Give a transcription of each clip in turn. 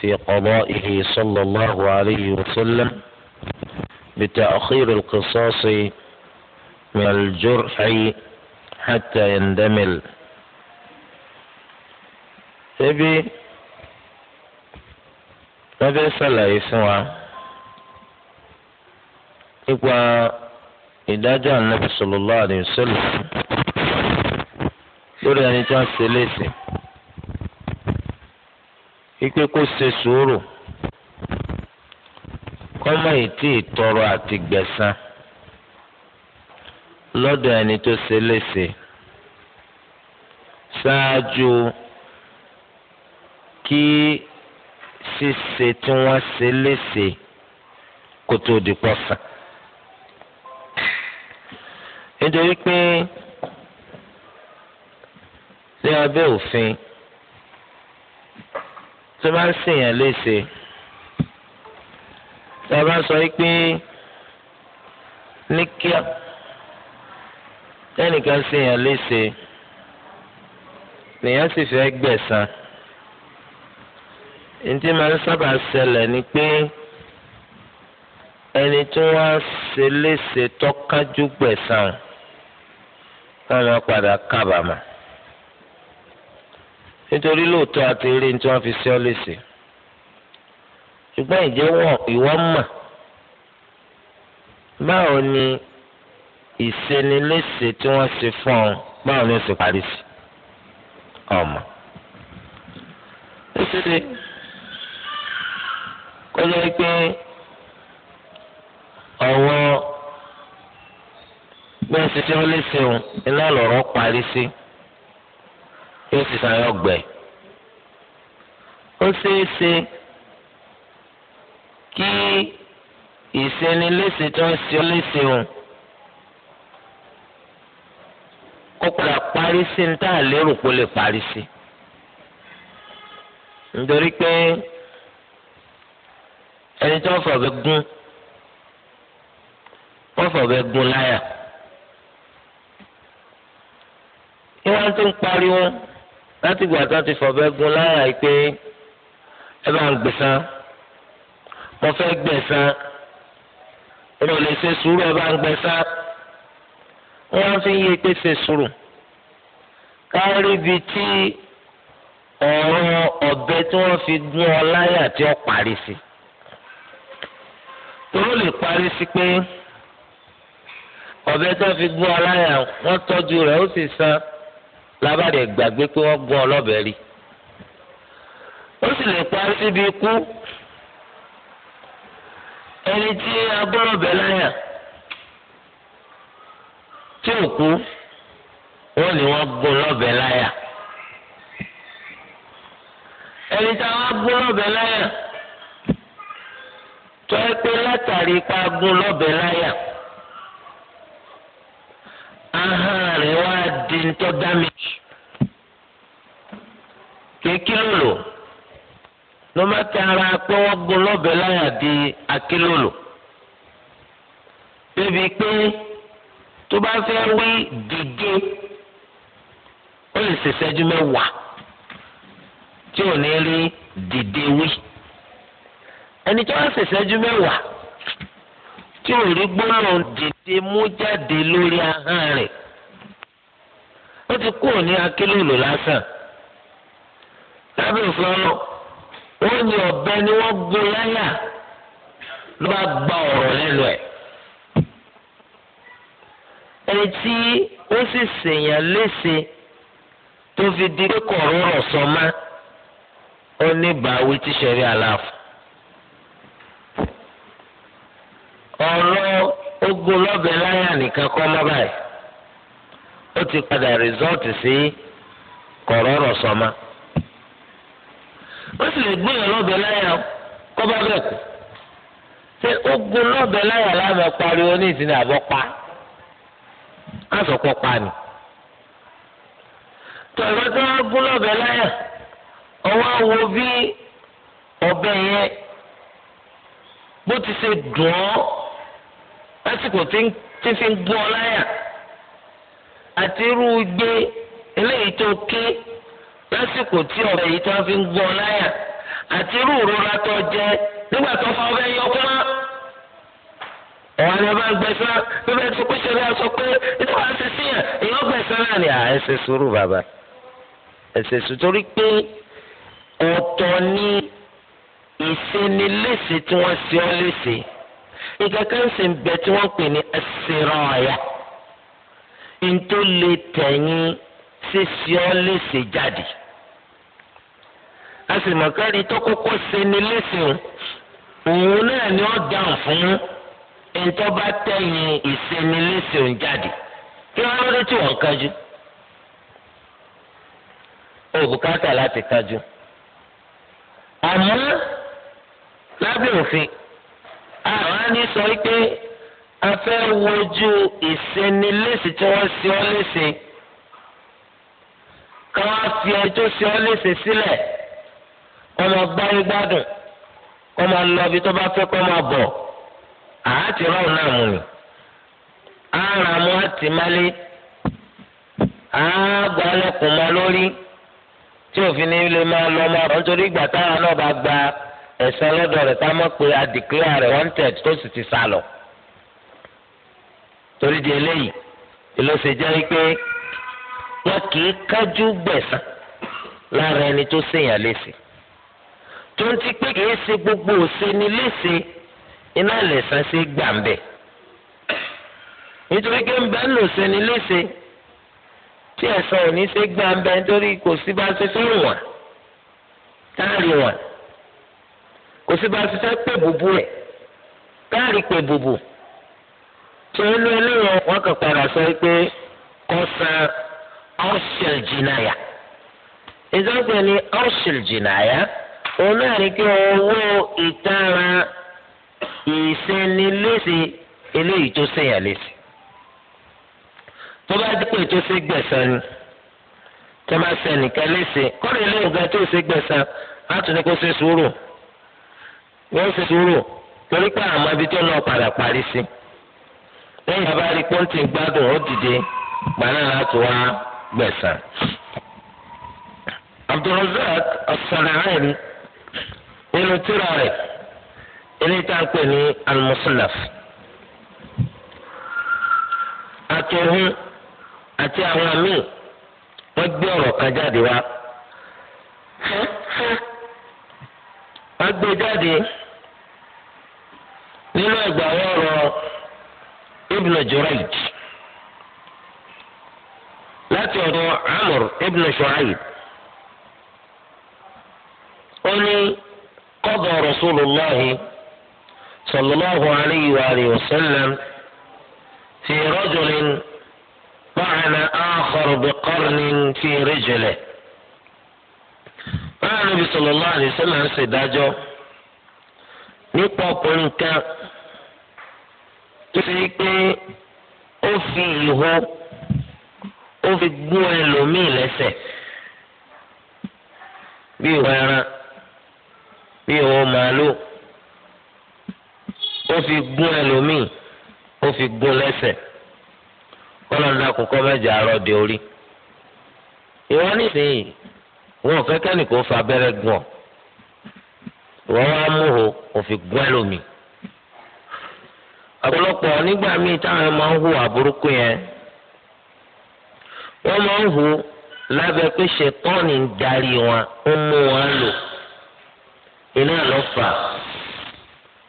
في قضائه صلى الله عليه وسلم بتأخير القصاص من الجرح حتى يندمل ebi wọn fẹẹ ṣàlàyé fún wa nípa ìdájọ́ ànábì sallallahu alaihi wasallam lórí ẹni tí wọn ṣe léṣe. ikpe kó ṣe sùúrù kọ́mọ yìí tí ì tọrọ àti gbẹ̀san lọ́dọ̀ ẹni tó ṣe léṣe ṣáájú kí ṣíṣe tí wọ́n ṣe léṣe kó tó di pọ́sàn. nítorí pé ní abẹ́ òfin tó bá ń ṣèyàn léṣe tó bá sọ pé ní kíá ẹnìkan ṣèyàn léṣe lèyàn sì fẹ́ gbẹ̀san ntí máa ń sábà ṣẹlẹ̀ ni pé ẹni tí wọ́n ṣe léṣe tọ́kájú gbẹ̀san náà ló padà kábàámà nítorí lóòótọ́ àti eré tí wọ́n fi ṣe ọ́ léṣe ṣùgbọ́n ìjẹ́ ìwọ mọ̀ báwo ni ìṣeniléṣe tí wọ́n ṣe fún ọ báwo ni ó ṣe parí sí ọmọ. ṣíṣe kó jẹ́ pé ọ̀wọ́ bí wọ́n ṣe ṣe ọ́ léṣe òun iná lọ̀rọ̀ parí sí yóò sì sàn yọ gbẹ. ó ṣeé ṣe kí ìṣeniléṣe tó ń ṣe léṣe òun kó padà parí sí ní tá a lérò kó lè parí sí. nítorí pé ẹni tó ń fọ̀bẹ gún wọ́n fọ̀bẹ gún láyà. ìwọ́n tó ń pariwo láti ìgbà tó ti fọ̀bẹ́ gun láyà pé ẹ bá ń gbẹ̀san mo fẹ́ gbẹ̀san èmi ò lè ṣe sùúrù ẹ bá ń gbẹ̀san wọ́n fi ń yí pé ṣe sùúrù kárí ibi tí ọ̀rọ̀ ọ̀bẹ tí wọ́n fi gun ọ láyà tí ó parí sí tóró lè parí sí pé ọ̀bẹ tí wọ́n fi gun ọ láyà wọ́n tọ́jú rẹ̀ ó sì san lábàdé gbàgbé pé wọ́n gún ọlọ́bẹ̀ rí ó sì lè parí síbi ikú ẹni tí agbọ́rọ̀bẹ̀ láyà tí ò kú wọ́n ní wọ́n gún lọ́bẹ̀ láyà ẹni tí àwọn agbọ́rọ̀bẹ̀ láyà tọ́ ẹ pé látàrí ipa gún láyà ahọ́n rẹ̀ wá di ńtọ́ dámẹ́jì kékeré ló má ti ara pé wọ́n gun lọ́bẹ̀ láyà di akérèlò débi pé tó bá fẹ́ wí dìde ó lè ṣèṣẹ́jú mẹ́wàá tí ò ní rí dìde wí ẹni tí wọ́n ṣèṣẹ́jú mẹ́wàá tí ò rí gbólóhùn dìde mú jáde lórí ahọ́n rẹ̀ ó ti kúrò ní akélòlò lásán lábẹ́ ìfọ́nà wọ́n ní ọ̀bẹ ni wọ́n gbó láyà ló bá gba ọ̀rọ̀ lẹ́nu ẹ̀ ẹni tí ó sì ṣèyàn léṣe tó fi di kọ̀ọ̀rọ̀ rọ̀ ó ní bàáwí tíṣẹ̀rí aláfọ̀. Ọlọ ogun lọ́bẹ̀ láyà nìkan kọ́ lọ́bà yìí ó ti padà rìsọ́ọ̀tì sí kọ̀rọ̀rọ̀ sọ́mà wọ́n sì lè gbìyànjú lọ́bẹ̀ láyà kọ́ bá bẹ̀ kú ṣé ogun lọ́bẹ̀ láyà láàmú pariwo ní ìsinmi àbọ̀ ni tí wọ́n gún lọ́bẹ̀ láyà ọwọ́ wo bí ọbẹ̀ yẹn bó ti ṣe lásìkò tí fi ń gún ọ láyà àti irú gbé eléyìí tó ké lásìkò tí ọ̀rọ̀ yìí tó fi ń gún ọ láyà àti irú ìrora tó jẹ nígbà tó fa ọbẹ̀ yọ kúrọ́ ọ̀hún bá ń gbẹ̀sán bíbẹ̀ tó pé ṣẹlẹ̀ sọ pé nígbà tó ṣe yàn èèyàn gbẹ̀sán náà ni à ẹ ṣe sùúrù bàbá ẹ ṣe sùúrù torí pé ọ̀tọ̀ ni ìṣeniléṣe tí wọ́n ṣe ọ́ léṣe ìkankan sì ń bẹ tí wọ́n pè ní ẹsẹ̀rọ̀ọ̀yà ntó lè tẹ̀yìn ṣíṣe ọ́ léṣe jáde a tó kókó ṣe ni léṣe òun náà ni ó dáhùn fún ntọ́ bá tẹ̀yìn ìṣeniléṣe òun jáde kí wọ́n lórí tí wọ́n kájú òbúkátà láti kájú àmọ́ lábẹ́ òfin àwọn á ní sọ pé a fẹ́ wojú ìsinilése tí wọ́n ṣe ọ́ léṣe ká wá fi ẹjọ́ ṣe ọ́ léṣe sílẹ̀ kọ́ máa gbáyé gbádùn kọ́ máa lọ ibi tó bá fẹ́ kọ́ máa bọ̀ àti rọ́ọ̀ náà mú mi ara mu àti malé àgbà lẹkùn mọ lórí tí òfin ní lè máa lọ ọmọ rẹ nítorí ìgbà táwọn náà bá gba ẹ̀sẹ̀ lọ́dọ̀ rẹ̀ ká mọ̀ pé a declare rẹ̀ wanted tó sì ti sá lọ. torí di eléyìí ló ṣe jẹ́ wípé wọn kì í kájú gbẹ̀san lára ẹni tó ṣèyàn léṣe. tó ń ti pé kì í ṣe gbogbo òṣèlú léṣe iná lẹ̀sán ṣe gbà ń bẹ̀. nítorí pé ń bẹ́ẹ̀ ń lò ṣẹ́ni léṣe tí ẹ̀sán ò ní ṣe gbà ń bẹ̀ nítorí kò sí bá ṣe tó rò táàrí wọ́n. kò sí bá a ti fẹ́ pè káàrí pè bùbù tó ń lo eléyìí wọn kàn padà sọ pé kò ọ̀ṣẹ̀l jìnnàyà ìjọba ni ọ̀ṣẹ̀l jìnnàyà òun náà ní kí owó ìtara ìsẹnilése eléyìí tó tó bá tó ni bá wọ́n ṣe dúró torí pé àwọn ibi tó náà padà parí sí lẹ́yìn bá rí pọ́ńtì gbádùn ó dìde gbaná láti wá gbẹ̀sán. Abdulrazak As-San'ani nínú rẹ̀ eléyìí tá ní nínú ẹgbà ọ̀rọ̀ ibn Jurayj láti ọ̀dọ̀ Amr ibn Shu'ayb ó ní qada Rasulullahi sallallahu alayhi wa alihi wa sallam fi rajulin ma'ana akhar biqarnin fi rijlihi báyìí Nabi sallallahu alayhi wa sallam nípa ọkùnrin kan tó ti pé ó fi ìhó ó fi gún ẹlòmíì lẹ́sẹ̀ bí ìhó ẹran bí ìhó màálùú ó fi gún ẹlòmíì ó fi gún lẹ́sẹ̀ kọ́lọ́dún àkókò mẹ́jọ àárọ̀ dé orí ìwọ nísìnyí wọn ò fẹ́ fa abẹ́rẹ́ gùn ọ́ ìwọ wá mú o ò fi ẹlòmíì ọ̀pọ̀lọpọ̀ nígbà míì táwọn máa ń hu àbúrúkú yẹn wọ́n máa ń hu lábẹ́ pé ṣètọ́ọ̀nì ń darí wọn ó mú wọn lò iná ló fà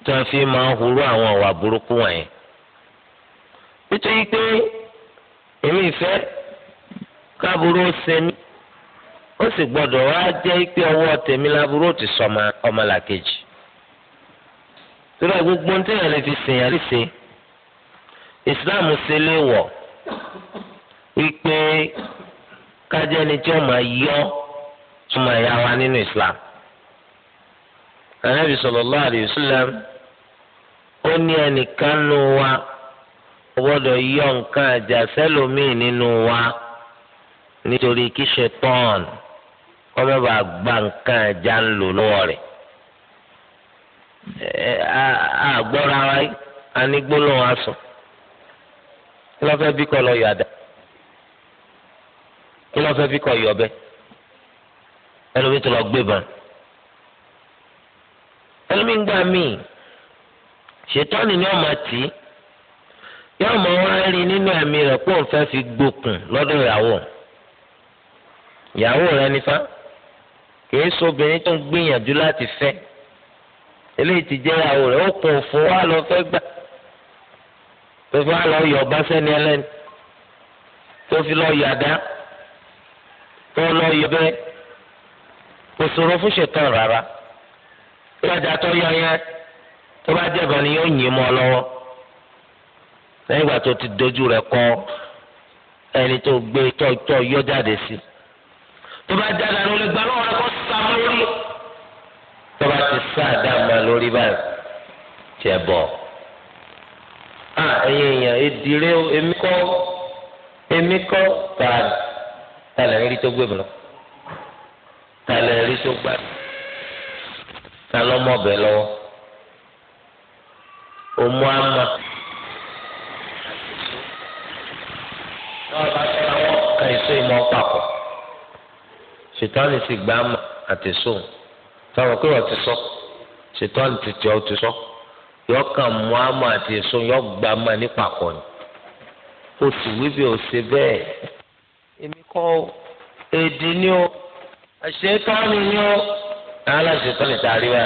tí wọ́n fi máa ń hurú àwọn ọ̀wà burúkú wọ̀nyẹn. nítorí pé èmi ìfẹ́ káàbúrò sẹ́ni ó sì gbọ́dọ̀ wá jẹ́ pé ọwọ́ tèmi lábúrò ti sọ ọmọlàkejì torí ẹ gbogbo ní tẹ́yàn lè fi sèyàn lè ṣe islam ṣe lè wọ̀ wípé kájẹ́ni tí wọ́n máa yọ tún máa yá wa nínú islam anabi sallallahu alayhi wa sallam ó ní ẹnìkan nù wa ó gbọ́dọ̀ yọ nǹkan àjà sẹ́lòmíì nínú wa nítorí kí ṣe tán kọ́mẹ́bà gba nǹkan àjà ń lọ́wọ́ rẹ̀. Eh, a wa anigbóná wa sùn kí ló fẹ́ bí kọ́ lọ yọ àdá kí fẹ́ bí kọ́ yọ ọbẹ̀ ẹlòmí tó lọ gbé bàn ẹlòmí ń gbà ṣètọ́ni ni ọmọ tì í rí nínú ẹ̀mí rẹ̀ pé o fẹ́ fi gbókùn lọ́dọ̀ ìyàwó ìyàwó rẹ Kìí tó ń gbìyànjú láti fẹ́ eléyìí ti jẹ́ ìyàwó rẹ̀ ó kún òfò wá lọ fẹ́ gbà tó fi wá lọ yọ ọba sẹ́ni ẹlẹ́ni tó fi lọ yọ àdá tó lọ yọ bẹ́ẹ̀ kò sòro fún ṣètàn rárá ìyàdá tó yọ yẹn tó bá jẹ̀bọ̀ ni yóò yìn mọ́ lọ́wọ́ lẹ́yìn ìgbà tó ti dojú rẹ̀ kọ́ ẹni tó gbé tọ́ tọ́ yọ jáde sí tó bá jáde ló lè gbà lọ́wọ́ rẹ̀ kó sàmúlò tó bá ti sá àdá mọ́ lórí báyìí tiẹ̀ bọ̀ à ẹ̀yin èèyàn èdìrè èmi kọ́ èmi kọ́ tààlà tààlà ń rí tó gbé mi lọ tààlà ń rí tó gbá mi ta lọ́mọ bẹ̀ lọ́wọ́ òmu ama ka ìmọ̀ papọ̀ ṣètò àlè sì gbà ama àti sóun táwọn pé ti sọ. So ṣètọ́ni ti tẹ ọ ti sọ yọ kàn mú àmọ́ àti èso yọ gbà má nípa kọ ni o sì wí bí o ṣe bẹ́ẹ̀. èmi kọ́ èdè ni o àṣetọ́ni ni o aláṣetọ́ni tá a rí wa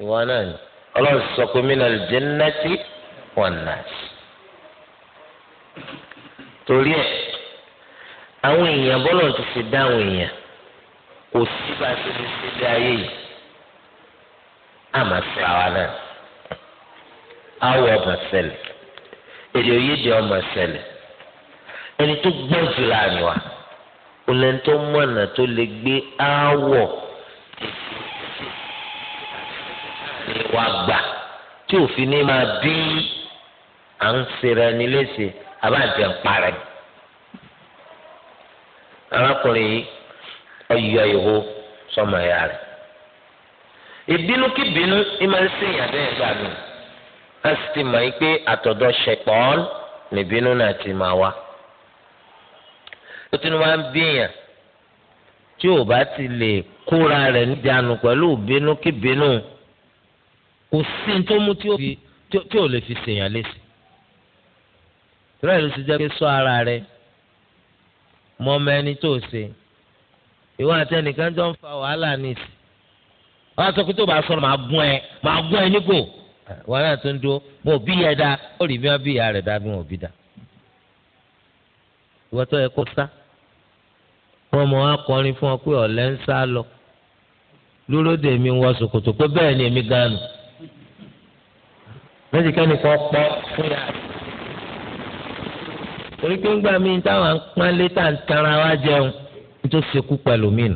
ìwọ náà ni ọlọ́run sọ pé mí náà jẹ́ nẹ́tì wọn náà torí ẹ̀ àwọn èèyàn bọ́lọ̀ ti fi dá àwọn èèyàn kò sí bá a ṣe lè ṣe dé ayé yìí àmà síra wa náà awọ ọmọ ṣẹlẹ̀ èdè òyìnbó ọmọ ṣẹlẹ̀ ẹni tó gbọ́n jù láàrin wa olè tó mọ̀nà tó lè gbé aáwọ̀ lè wá gbà tí òfin ní máa bí à ń sera ẹni léṣe abájẹ ń parẹ́. arákùnrin ọyọ ìhó sọmọ ẹ̀yà rẹ̀ ìbínú kí bínú ẹ máa ń sèyàn bẹ́ẹ̀ gbà mí a sì ti mọ̀ yín pé àtọ̀dọ̀ ṣẹ̀pọ̀n nìbínú náà ti máa wá ó tún máa ń bíyàn tí ò bá ti lè kóra rẹ̀ níjànú pẹ̀lú ìbínú kí bínú kò sí ní tó mú tí ò lè fi sèyàn lé sí ti jẹ́ pé sọ ara rẹ̀ mọ tó ṣe ìwọ àtẹnìkan jọ ń fa wàhálà nìsí wọn á sọ pé tó bá sọ̀rọ̀ máa gún ẹ máa gún ẹ nígò wọn náà tó ń dúró mo bí yẹ da ó rí bí wọn bí ìyá rẹ dá bí wọn bí da ìwọ tó yẹ kó sá wọn mọ akọrin fún ọ pé ọ̀lẹ ń sá lọ lóró de mi wọ ṣòkòtò pé bẹ́ẹ̀ ni èmi ganu mẹsìkẹ́ni kan pọ́ fún yà torí pé ń gbà mí táwọn ń pọ́n lé ń tanra wá jẹun nítorí sekú pẹ̀lú mi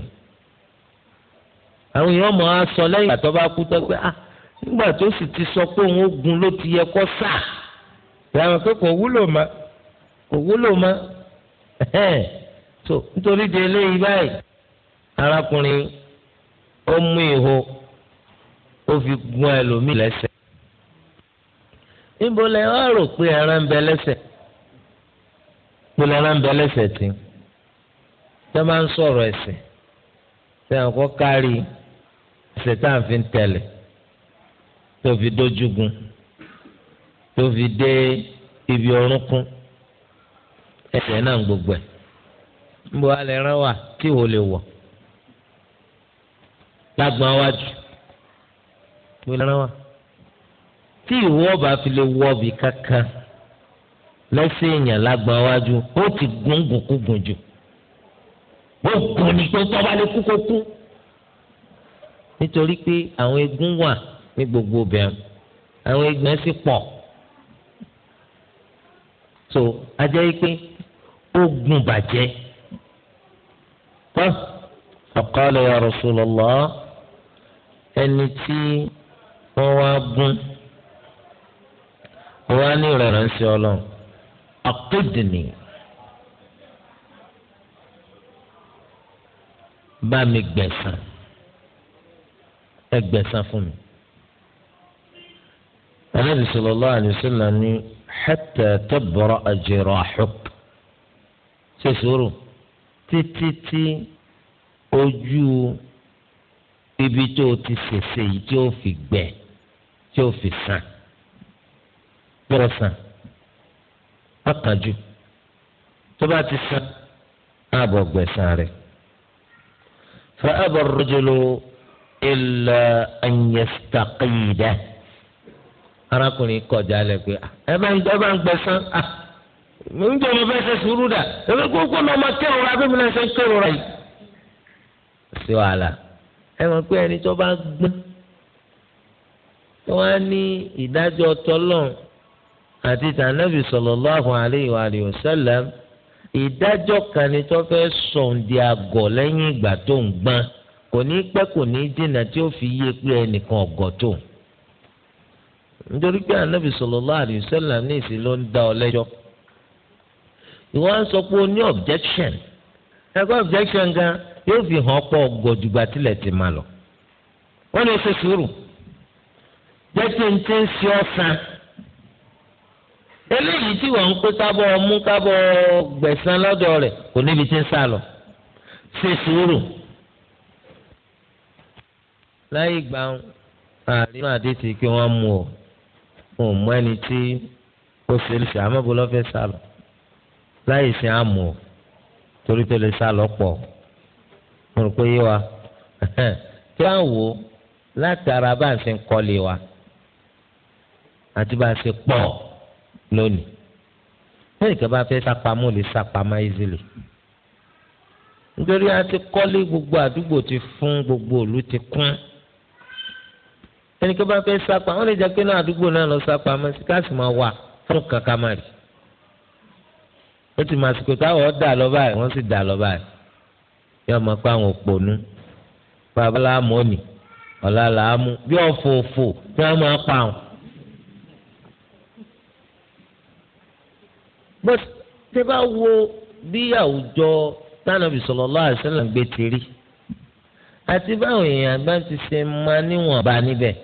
àwọn èèyàn mọ̀ á sọ lẹ́yìn ìgbà tó bá kú ah, tó pé sì ti sọ pé òun ogun ló ti yẹ kó sà ìyàwó pé kò wúlò mọ́ kò wúlò mọ́ so nítorí de eléyìí báyìí arákùnrin ó mú ìhó ó fi gun ẹlòmíì lẹ́sẹ̀ níbo lẹ wá rò pé ẹran ń bẹ lẹ́sẹ̀ ṣètàn fi ń tẹ̀lé tó fi dójúgun tó fi dé ibi orúnkún ẹ̀jẹ̀ náà gbogbo ẹ̀ ń bọ̀ alẹ́ rán wà tí ò lè wọ̀ lágbọ̀n wájú tó lè rán wà tí ìwọ bá fi lè wọ́ bí kankan lẹ́sẹ̀ èèyàn lágbọ̀n wájú ó ti gúngùn kúgùn jù ó gùn ní pé tọ́ba lè kú kó kú nítorí pé àwọn eegun wà ní gbogbo bẹ̀rù àwọn eegun sì pọ̀ so ajẹ́ pé ó gùn bàjẹ́ tán faqala ya Rasulullah ẹni tí wọ́n wá gún wọ́n á ní ìrẹ̀rẹ̀ ń ṣe ọlọ́run àkójìní bá mi gbẹ̀sán ẹgbẹ̀sán fún mi. Ànábì sallallahu alaihi wasallam ní hatta tabra'a jirahuk ṣe sùúrù títí tí ojú ibi tó ti ṣèṣe yìí tí ó fi gbẹ tí ó fi sàn gbọ́dọ̀ sàn pàkànjú tó bá ti sàn ààbọ̀ gbẹ̀sán rẹ̀ fa aba ar-rajulu. illa an yastaqida arákùnrin kọjá lẹ pé ah, ẹ ń ń ń ah, jẹun sùúrù dà náà ma kẹrù ra bí mi náà ṣe ń kẹrù ra yìí. sí wàhálà ẹ mọ̀ pé ẹni tó bá gbọ́n wọ́n á ní ìdájọ́ àti tànàbì ìdájọ́ kan ni tó fẹ́ kò ní pẹ́ kò ní dènà tí ó fi yé pé ẹnìkan ọgọ tó nítorí pé ànábì sallallahu alaihi wasallam ní ìsìn ló ń dá ọ lẹ́jọ́ ìwọ ń sọ pé o ní objection ẹgbẹ́ objection gan yóò fi hàn ọpọ gòdùgbà tilẹ̀ ti máa lọ wọ́n lè ṣe sùúrù jẹ́ n ti ń ṣe ọ̀sán eléyìí tí wọ́n ń pé kábọ̀ mú kábọ̀ gbẹ̀san lọ́dọ̀ rẹ̀ kò níbi tí ń sá lọ ṣe sùúrù. láyé ìgbà àrínú àdéhìí kí wọ́n mú ọ wọn ò mú ẹni tí ó ṣe é ṣe àmọ́ bó lọ́ fẹ́ sá lọ láyé ìsìn àmú ọ torí tó lè sá lọ pọ̀ mo rò pé yé wa tí wọ́n wò látara bá ń ṣe ń kọ́lé wa àti bá a ṣe pọ̀ lónìí lẹ́yìn kan fẹ́ sápamọ́ lè sápamọ́ easily nítorí a ti kọ́lé gbogbo àdúgbò ti fún gbogbo ìlú ti kún ẹni tó bá fẹ́ sápa wọ́n lè jẹ́ pé náà àdúgbò náà lọ sápa mọ́ sí káàsì máa wà fún kankan máa rí ó ti máa sìkò táwọn dà lọ báyìí wọ́n sì dà lọ báyìí yóò máa pa àwọn òpònú bàbá làámú òní ọ̀la làámú bí ọ̀fọ̀ọ̀fọ̀ tí wọ́n máa pa àwọn. bọ́sì tí bá wo bí àwùjọ tánàbì sallallahu alaihi wasallam gbé tèrí àti báwọn èèyàn àgbà ti ṣe máa níwọ̀nba níbẹ̀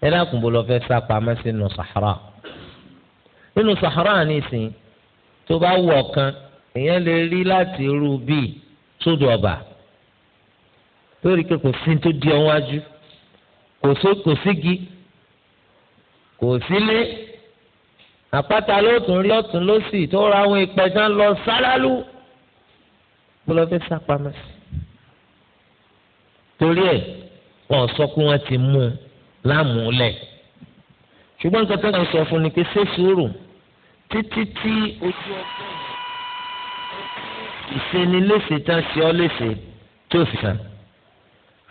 ẹ dákun bó lọ fẹ́ sá pamọ́ sínú sahara nínú sahara nísìnyí tó bá wù ọ̀kan èèyàn lè rí láti irú bíi sódò ọba lórí pé kò sí tó di ọwọ́ ajú kò sígi kò sílé àpáta lóòtún rí ọ̀tún lósì tó ra àwọn ìpẹ́jọ́ lọ sálálú bó lọ fẹ́ sá pamọ́ sí torí ẹ̀ wọ́n sọ pé wọ́n ti mú un láàmúlẹ̀ ṣùgbọ́n nǹkan tó ń sọ fún ni pé ṣé sùúrù títí tí ojú ọgbọ́n ìsenilése tán ṣe ọ́ léṣe tó fi hàn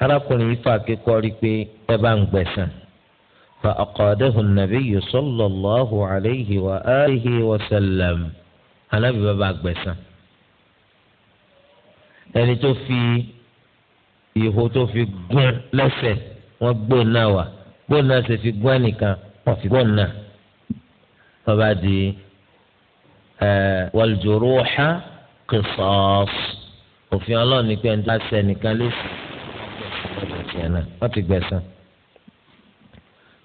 arákùnrin yìí fà kíkọ́ rí pé ẹ bá ń gbẹ̀sán fa ọ̀kọ̀ọ̀dẹ́hù nàbí sallallahu alayhi wa alihi wa sallam anábì bàbá gbẹ̀sán ẹni tó fi ìhó tó fi gún lẹ́sẹ̀ wọ́n gbé e náà wà bóun náà ṣe fi gbọ́ ẹnìkan wọ́n fi gbọ́n náà tọ́ba di wal-juruha qisas òfin ọlọ́run ní pé ẹni tó ṣe ẹnìkan lé sí wọ́n ti gbẹ̀sán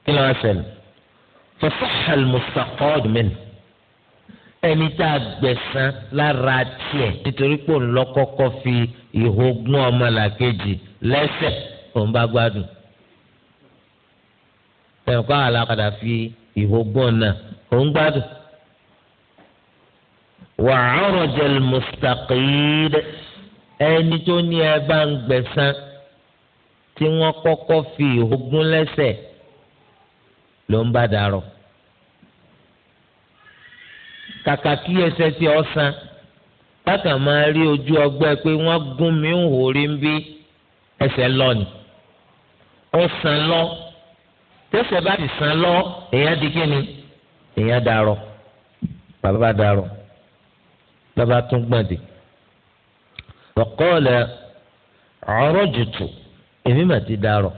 kí ló wá ṣẹlẹ̀ fọ́sọ́hà al ẹni tá a gbẹ̀sán lára tiẹ̀ nítorí pé òun lọ́kọ́kọ́ fi ìhógún ọmọlàkejì lẹ́sẹ̀ òun bá gbádùn. ẹ̀rọ kọ́ àlà padà fi ìhó bọ́ọ̀ náà ó ń gbádùn. wà á rọ̀jẹ̀ mustaqid ẹni tó ní ẹ bá ń gbẹ̀sán tí wọ́n kọ́kọ́ fi ìhó gún lẹ́sẹ̀ ló ń bá darọ̀ kàkà kí ẹsẹ̀ tí ọ san bákan máa rí ojú ọgbẹ́ pé wọ́n gún mi ń hò rí ń bí ẹsẹ̀ lọ ni ó san lọ. tẹsẹ̀ bá ti sàn lọ èèyàn di kíni èèyàn darọ bàbá darọ bàbá tún gbọ̀ndì. ọ̀kọ́ọ̀lẹ̀ ọ̀rọ̀ jùtù èmi mà ti darọ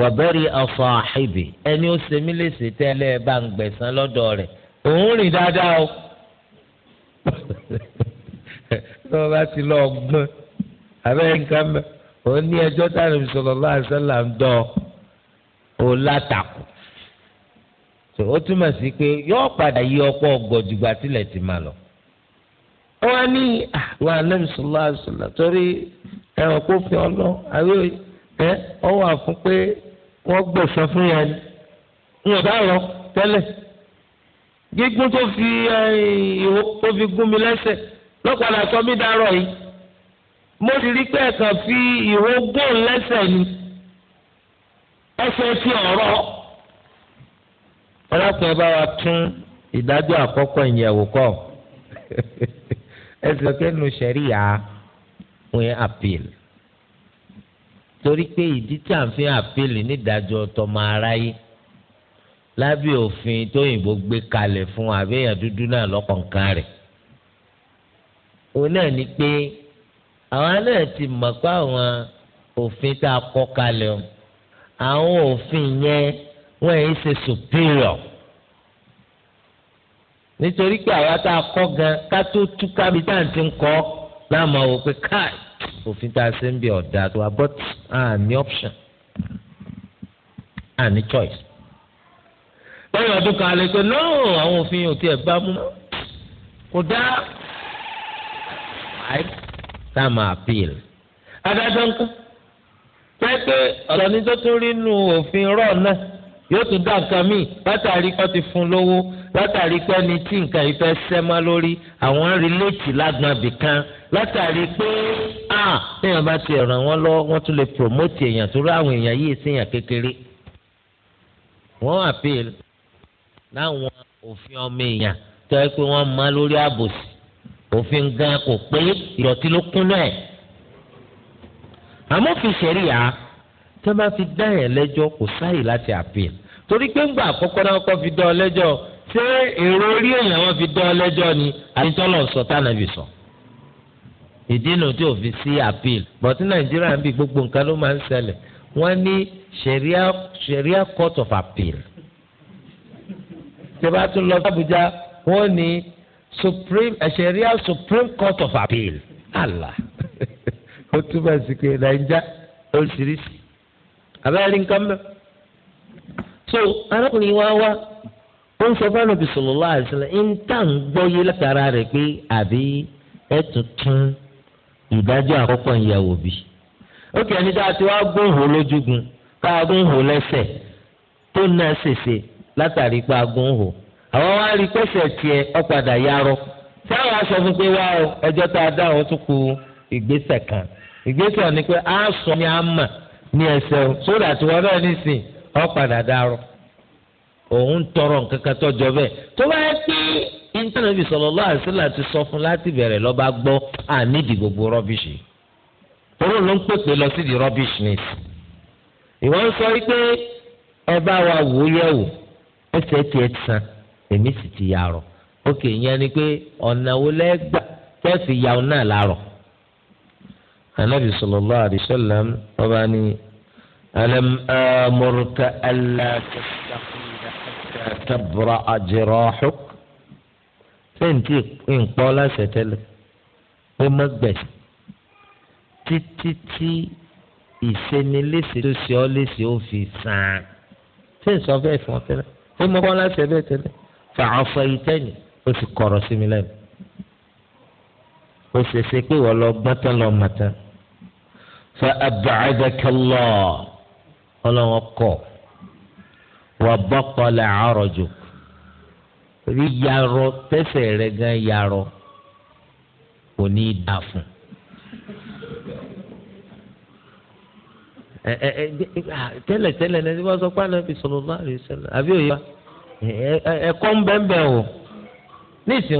wàbẹ́rì afọ àhìbì ẹni ó ṣe mí léṣe tẹ́lẹ̀ bá ń gbẹ̀sán lọ́dọ̀ rẹ̀ òun rìn dáadáa o lọ́wọ́ bá ti lọ gbọ́n abẹ́ nǹkan mẹ́ òun ní ẹjọ́ tàbí sọ̀rọ̀ láàṣẹ là ń dọ̀ ọ́ o látàkù tó o túmọ̀ sí pé yóò padà yí ọ̀pọ̀ ọgọ́dùgbà tilẹ̀ ti máa lọ. wọ́n ní àwọn anamisọ́lá àṣọlá torí ẹ̀wọ̀n kó fi ọlọ́ àwọn ẹ̀ ọ wà fún pé wọ́n gbẹ̀sán fún yẹn ni wọn bá lọ tẹ́lẹ̀ gígùn tó fi ìwọ tó fi gún mi lẹ́sẹ̀ lọ́kọ̀ọ́dà sọ mí dárọ̀ yìí mo sì rí pé ẹ̀kan fi ìwọ gún lẹ́sẹ̀ ni ẹsẹ̀ ti ọ̀rọ̀. ọlọ́pàá ẹ bá wa tún ìdájọ́ àkọ́kọ́ ìyẹ̀wò kọ́ ẹsẹ̀ kẹ́nu sẹ́ríyà wọn àpèl torí pé ìdí tí à ń fi àpèl nídàájọ́ tọmọ aráyé lábẹ́ òfin tóyìnbó gbé kalẹ̀ fún àbẹ́yàn dúdú náà lọ́kọ̀ọ̀kan rẹ̀ òun náà ni pé àwọn náà ti mọ̀ pé àwọn òfin tá a kọ́ kalẹ̀ ọ̀hún àwọn òfin yẹn wọ́n yìí ṣe superior nítorí pé àwa tá a kọ́ gan ká tó túká bí tá à ń ti kọ́ láàmú àwọn pé káì òfin tá a ṣe ń bí ọ̀dà tó wà but àní option àní choice lẹ́yìn ọdún kan alẹ́ pé lọ́rùn àwọn òfin yìí ò tiẹ̀ bá mú kò dá àìsàn máa appeal adájọ́ ń kú pẹ́pẹ́ ọ̀dọ̀ ni tó tún rí nu òfin rọ̀ náà yóò tún dá nǹkan míì látàrí kó ti fún lówó látàrí pé ẹni tí nǹkan yìí fẹ́ sẹ́mọ́ lórí àwọn rìlẹ́tì lágbàbì kan látàrí pé à téèyàn bá ti ràn wọ́n lọ́wọ́ wọ́n tún lè promote èèyàn tó rí àwọn èèyàn yìí séèyàn kékeré. wọ́n àpèl láwọn òfin ọmọ èèyàn tó yẹ pé wọ́n máa lórí àbòsí òfin gan kò pé ìdọ̀tí ló kún náà àmọ́ fi ṣẹ̀ríà tí wọ́n bá fi dá yẹn lẹ́jọ́ kò sáyè láti àpèl torí pé ńgbà àkọ́kọ́ náà kọ́ fi dán ọ lẹ́jọ́ ṣé èrò orí èèyàn wọn fi dán ọ lẹ́jọ́ ni àtijọ́lọ̀ sọ tánàbì sọ. ìdí nu tí ò fi sí àpèl bọ̀tí nàìjíríà ń bí gbogbo nǹkan ló máa ń ṣẹlẹ̀ wọ́n ní ṣẹ̀ríà court of appeal. tí a bá tún lọ sí Àbújá wọ́n ní supreme supreme court of appeal. Allah ó túbọ̀ sí pé nàìjà oríṣiríṣi abẹ́rẹ́ nǹkan mọ́. so arákùnrin wa wá ó ń sọ fún ànábì laa ń tà ń gbọ́ látara rẹ̀ pé àbí tuntun ìdájọ́ àkọ́kọ́ ìyàwó ó kì í ẹni a ti wá gbóhùn lójúgun tá a gbóhùn lẹ́sẹ̀ tó náà ṣèṣe látàrí a gbóhùn àwọn wá rí pẹ́sẹ̀ tiẹ̀ ọ̀padà yarọ. sáwọn aṣọ fún pé wá ẹjọ́ tá kan. ìgbésẹ̀ ni pé a sọ ni a mà ní ẹsẹ̀ o sódà tí wọ́n náà nísìn ọ padà dárò òun tọrọ nǹkan kan tọjọ bẹ́ẹ̀ tó bá yẹ pé intanẹti sallallahu alaihi wasallam ti sọ fún láti bẹ̀rẹ̀ lọba gbọ́ ànídìí gbogbo rọbìṣì owó ló ń pèpè lọ sí di rọbìṣì nìsí ìwọ ń sọ pé ẹ bá wa wò ó yẹ̀ wò ẹsẹ̀ tiẹ̀ ti san èmi sì ti òkè ni pé ọ̀nà anabi sallallahu alayhi wa sallam ọba ni alam amurka ala tastaqila hatta tabra jirahuk sẹ́ǹtì ìpọ́ láṣẹ tẹ́lẹ̀ ó má gbẹ̀sẹ̀ títí tí ìsenilése tó ṣe ọ́ léṣe ó fi sàn sẹ́ǹtì sọ bẹ́ẹ̀ fún ọ tẹ́lẹ̀ ó mọ́ kọ́ láṣẹ bẹ́ẹ̀ tẹ́lẹ̀ fàáfọ ìtẹ́yìn ó sì kọ̀rọ̀ sí mi lẹ́nu ó ṣèṣe pé wọ́n lọ gbọ́n lọ mọ̀ fa ab'adaka Allah ọlọ́wọ́ kọ̀ wà bọ́kọlẹ̀ àrọ̀jù rí gan ní í sọ pé ànábì sọ̀rọ̀ bá rè àbí òye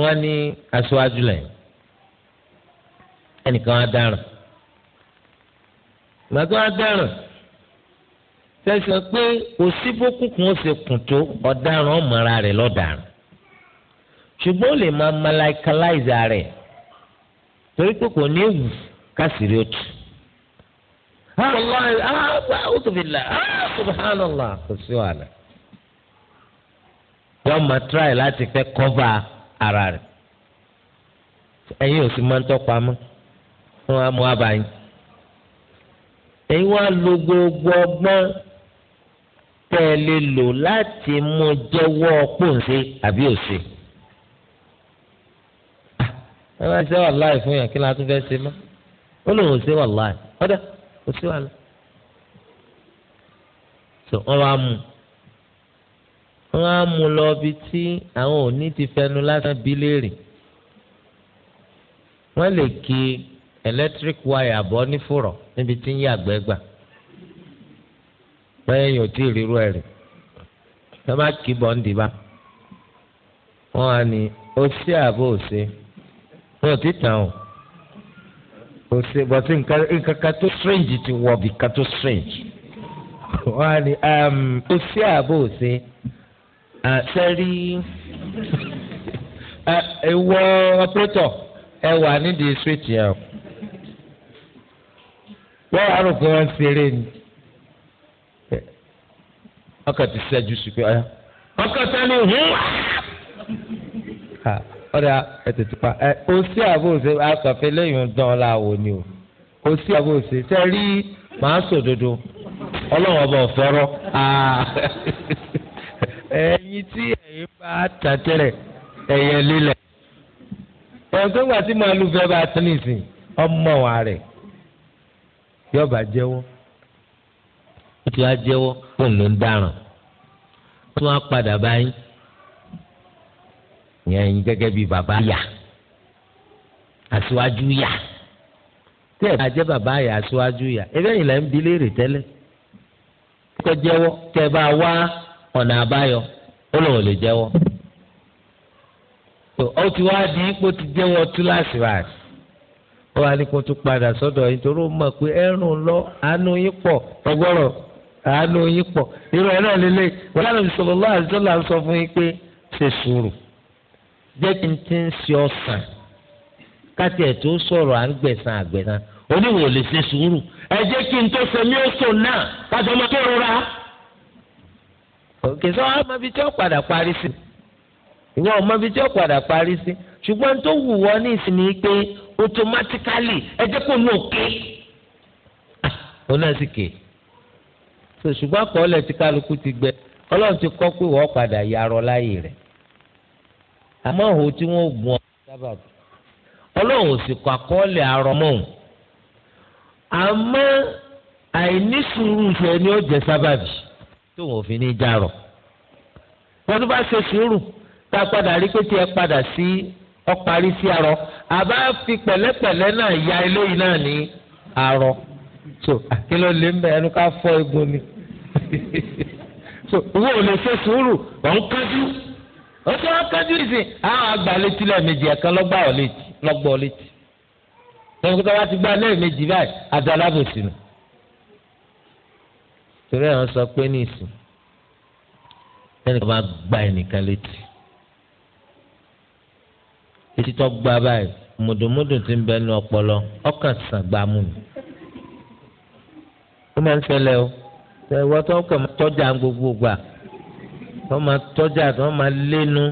wa ń ní aṣọ ẹnìkan á gbàtọ́ adáràn tẹsán pé kò sí bókùnkùn ó ṣe kùn tó ọ̀daràn ọ̀mọ̀ra rẹ̀ lọ́daràn ṣùgbọ́n ó lè máa malaikalize rẹ̀ torí pé kò ní ewu kásìrì òtù. Allah ah subhanallah kò sí wàhálà. yọ máa try láti fẹ́ kọ́va ara rẹ̀ ẹ̀yin ò sì máa ń tọ́ pamọ́ fún amú abàyìn ẹ̀yin wá lo gbogbo ọgbọ́n tẹ́ ẹ lè lò láti mú jẹ́wọ́ pòǹsẹ́ àbí òsè. Ah, ẹ bá ṣe wàláì fún yàn kí ni a tún fẹ́ ṣe mọ́ ó lòun ò ṣe wàláì ọ̀dà kò sí wàhálà. tó wọ́n wá mú wọ́n á mú lọ ibi tí àwọn òní ti fẹnu lásán bí léèrè wọ́n lè kí i electric wire àbọ̀ nífòrọ̀ níbi tí ń yí àgbẹ̀ gbà bẹ́ẹ̀ yóò tí ì ríru ẹ̀ rí ẹ bá kì í bọ̀ ń dìbà wọ́n á ní o ṣé àbọ̀ ò ṣe tàn ọ́ o ṣe nǹkan kan tó strange ti wọ̀ bí kan tó strange wọ́n á ní um, o ṣé àbọ̀ ò ṣe sẹ́rí ẹ wọ ọpẹ́tọ̀ ẹ wà nídìí switch yẹn wọ́n wá rò pé wọ́n ń ṣeré ni ọkàn ti ṣẹ́jú sí pé ọ̀yà ọkàn tó ní hùwà ọ̀rẹ́ ẹ tètè pa ẹ o sí àbòsí akànfẹ́ lẹ́yìn dán ọ́ láwo ni o o sí àbòsí tẹ́ rí màá sòdodo ọlọ́run ọba ọ̀fọ́rọ́ ah. ẹ̀yin tí ẹ̀yin bá tàtẹ́rẹ̀ ẹ̀yẹ lílẹ̀ ẹ̀sọ́gbà tí màálù fẹ́ bá tẹ́lẹ̀ ọmọ wa rẹ̀. yóò bá jẹ́wọ́ ó ti wá jẹ́wọ́ pò ló ń dáràn ó tún wá padà báyìí ìyẹn ẹ̀yin gẹ́gẹ́ bíi bàbá yà aṣíwájú yà tí ẹ̀ bá jẹ́ bàbá yà aṣíwájú yà ebe yìí là ń bi léèrè tẹ́lẹ̀ kó jẹ́wọ́ kẹ́ ẹ bá wá ọ̀nà àbáyọ ó lòun lè jẹ́wọ́ ó ti wá di ipò ti jẹ́wọ́ túláàsì báyìí. ó wá ní kó tún padà sọ́dọ̀ yìí torí ó mọ̀ pé ẹ̀rùn lọ àánú yín pọ̀ ọgọ́rọ̀ àánú yín pọ̀ irú ẹ̀ náà lélẹ̀ wọ́n lọ́wọ́ sọ fún yín pé ṣe sùúrù jẹ́ kí n ti ń ṣe ọ̀sán káti ẹ̀ tó sọ̀rọ̀ lè ṣe sùúrù ẹ jẹ́ kí n tó ṣe mí náà kájọ mọ́ tó rọra. òkè sọ tí automatically ẹ jẹ́ kó náà ké ah, òun náà sì ké so ṣùgbọ́n àkọọ́lẹ̀ tí kálukú ti gbẹ ọlọ́run ti kọ́ pé wọ́n padà yarọ láyè rẹ̀ àmọ́ òun tí wọ́n gun ọ sábàbí ọlọ́run ò sì kọ́ àkọọ́lẹ̀ arọ mọ́ òun àmọ́ àìní sùúrù rẹ̀ ni ó jẹ́ sábàbí tó wọn ò fi ní jarọ wọn tó bá ṣe sùúrù tá a padà rí pé tí ẹ padà sí. Si, ọparí sí arọ àbá fi pẹ̀lẹ́pẹ̀lẹ́ náà ya eléyìí náà ní arọ so àkìlọ̀ lè ń bẹ ẹnu ká fọ́ egun ni so owó ò lè ṣe sùúrù òun kájú òun tí wọ́n kájú ìsìn àwọn àgbà létí lẹ́ẹ̀mejì ẹ̀kan lọ́gbà ọ̀ létí lọ́gbà ọ̀ létí lọ́wọ́ kí wọ́n ti gbá lẹ́ẹ̀mejì báyìí àdàlábòsì nù torí àwọn sọ pé ní ìsìn lẹ́nu kan gba ẹnìkan létí etí tó gba báyìí mùdùmùdù ti ń bẹ ní ọpọlọ ọkàn sàgbàmù ni ó máa ń ṣẹlẹ̀ o ṣẹwọ́ tó kàn máa tọ́jà gbogbo gbà tó máa tọ́jà tó máa lénu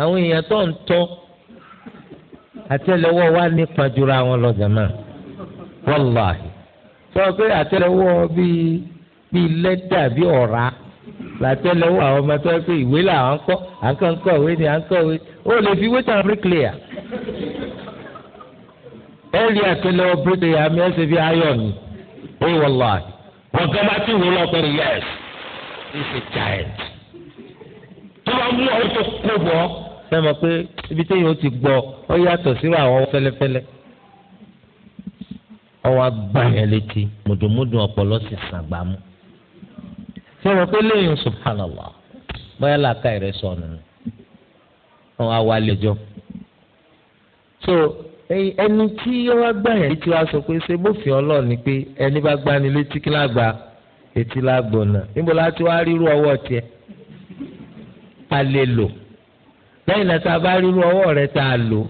àwọn èèyàn tó ń tọ́ àtẹ́lẹwọ́ wa nípa jura wọn lọ jàmá wàláhì sọ pé àtẹ́lẹwọ́ bíi bíi lẹ́dà bíi ọ̀rá làtẹ́lẹwọ́ àwọn ọmọ tó ń pè ìwé làwọn kọ́ à ń ìwé ni à ìwé o lè fi wéta bíríkìlìyà ẹ̀rí àtẹlẹ bíríkìlìyà mi ẹsẹ̀ bí ayọ̀ ni ó wọ̀ lọ́à wọ́n gbé bá ti wò lọ́kọ̀ rẹ̀ yẹ́s this a giant tó bá mú ọ̀rọ̀ tó kó bọ̀ ṣe mọ̀ pé ibi téèyàn ó ti gbọ́ ọ yàtọ̀ síra àwọn fẹ́lẹ́fẹ́lẹ́ ọwọ́ agbá yẹn létí mùdùmùdù ọ̀pọ̀lọ́ sì sàgbàmù ṣe mọ̀ pé lẹ́yìn subhanallah bọ́yá làákà rẹ̀ sọ̀nù. So wọn wá wá lẹ́jọ́ so ẹni tí wọn gbà yẹn létí wa sọ pé ṣé bófin Ọlọ́run ni pé ẹni bá gbá ni létí kí lágbà etí lágbò náà níbo láti wá rírú ọwọ́ tiẹ̀ a lè lò lẹ́yìn náà tá a bá rírú ọwọ́ rẹ̀ tá a lò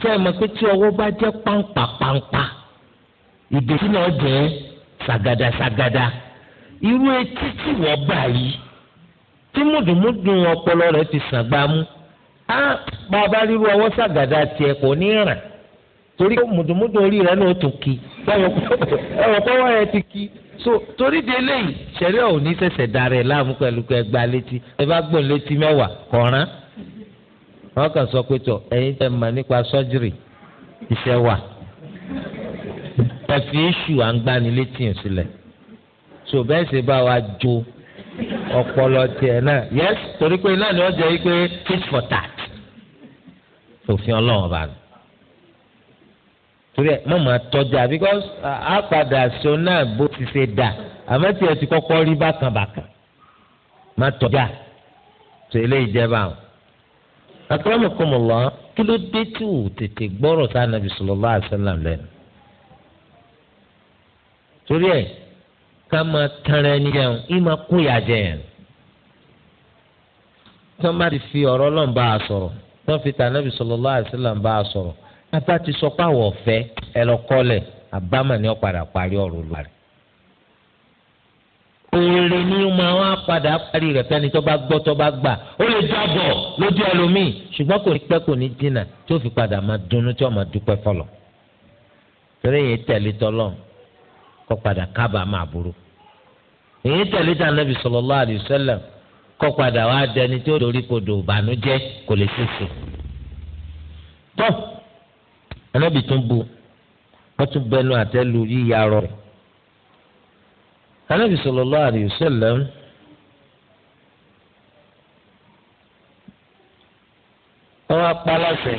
ṣé ẹ mọ̀ pé tí ọwọ́ bá jẹ́ pàǹpà pàǹpà ìdètí náà jẹ́ ṣàgàdà ṣàgàdà irú etí tí wọ́n gbà yìí tí mùdùmùdù ọpọlọ rẹ̀ ti sàgbà mú á bàbá ríru ọwọ́ ṣàgàdà tiẹ̀ kò ní torí mùdùmùdù orí rẹ̀ náà tún kí ẹ̀rọ pọ́wọ́ yẹn ti kí so torí de eléyìí sẹ̀rí ò ní sẹ̀sẹ̀ darẹ̀ láàmú pẹ̀lú pẹ̀ gba létí ẹ bá gbọ̀n létí kàn sọ pé nípa so bá wa jo ọpọlọ tiẹ̀ náà torí pé náà ni for tax òfin ọlọ́run bá nù torí ẹ má máa tọjà because àpàdà aṣọ náà bó ti ṣe dà àmọ́ tí ẹ ti kọ́kọ́ rí bákan bákan má tọjà tó eléyìí jẹ́ báwọn. akramakumullah kí ló dé tí ò tètè gbọ́rọ̀ sí anabi sallallahu alaihi wasallam lẹ́nu. torí ẹ ká máa tẹ̀rẹ̀ ẹni jẹun kí máa kó ìyà jẹ yẹn. tí wọ́n bá ti fi ọ̀rọ̀ lọ́nba sọ̀rọ̀ wọ́n fi tà nàbì sallallahu alaihi wasallam bá a sọ̀rọ̀ bàbá ti sọ pé àwọ̀ ọ̀fẹ́ ẹ lọ kọ́lẹ̀ àbámọ̀ ni ó padà parí ọ̀rọ̀ lù rẹ̀. oore ni máa wá padà parí rẹ̀ fẹ́ni tó bá gbọ́ tó bá gbà ó lè jábọ̀ lójú ẹlòmíì ṣùgbọ́n kò ní pẹ́ kò ní dínà tí ó fi padà máa dunnú tí ó máa dúpẹ́ fọlọ̀ torí èyí tẹ̀lé tọ́lọ́ kọ́ padà kábàámọ̀ àbúrò èyí tẹ̀lé tà nàbì sallallahu alaihi kọ́ padà wá dẹni tí ó dorí kodò ìbànújẹ́ kò lè sèso. tó anábì tún bu wọ́n tún bẹnu àtẹ lu yíya rọ rẹ̀. anábì sallallahu alaihi wasallam. wọ́n á pa láṣẹ.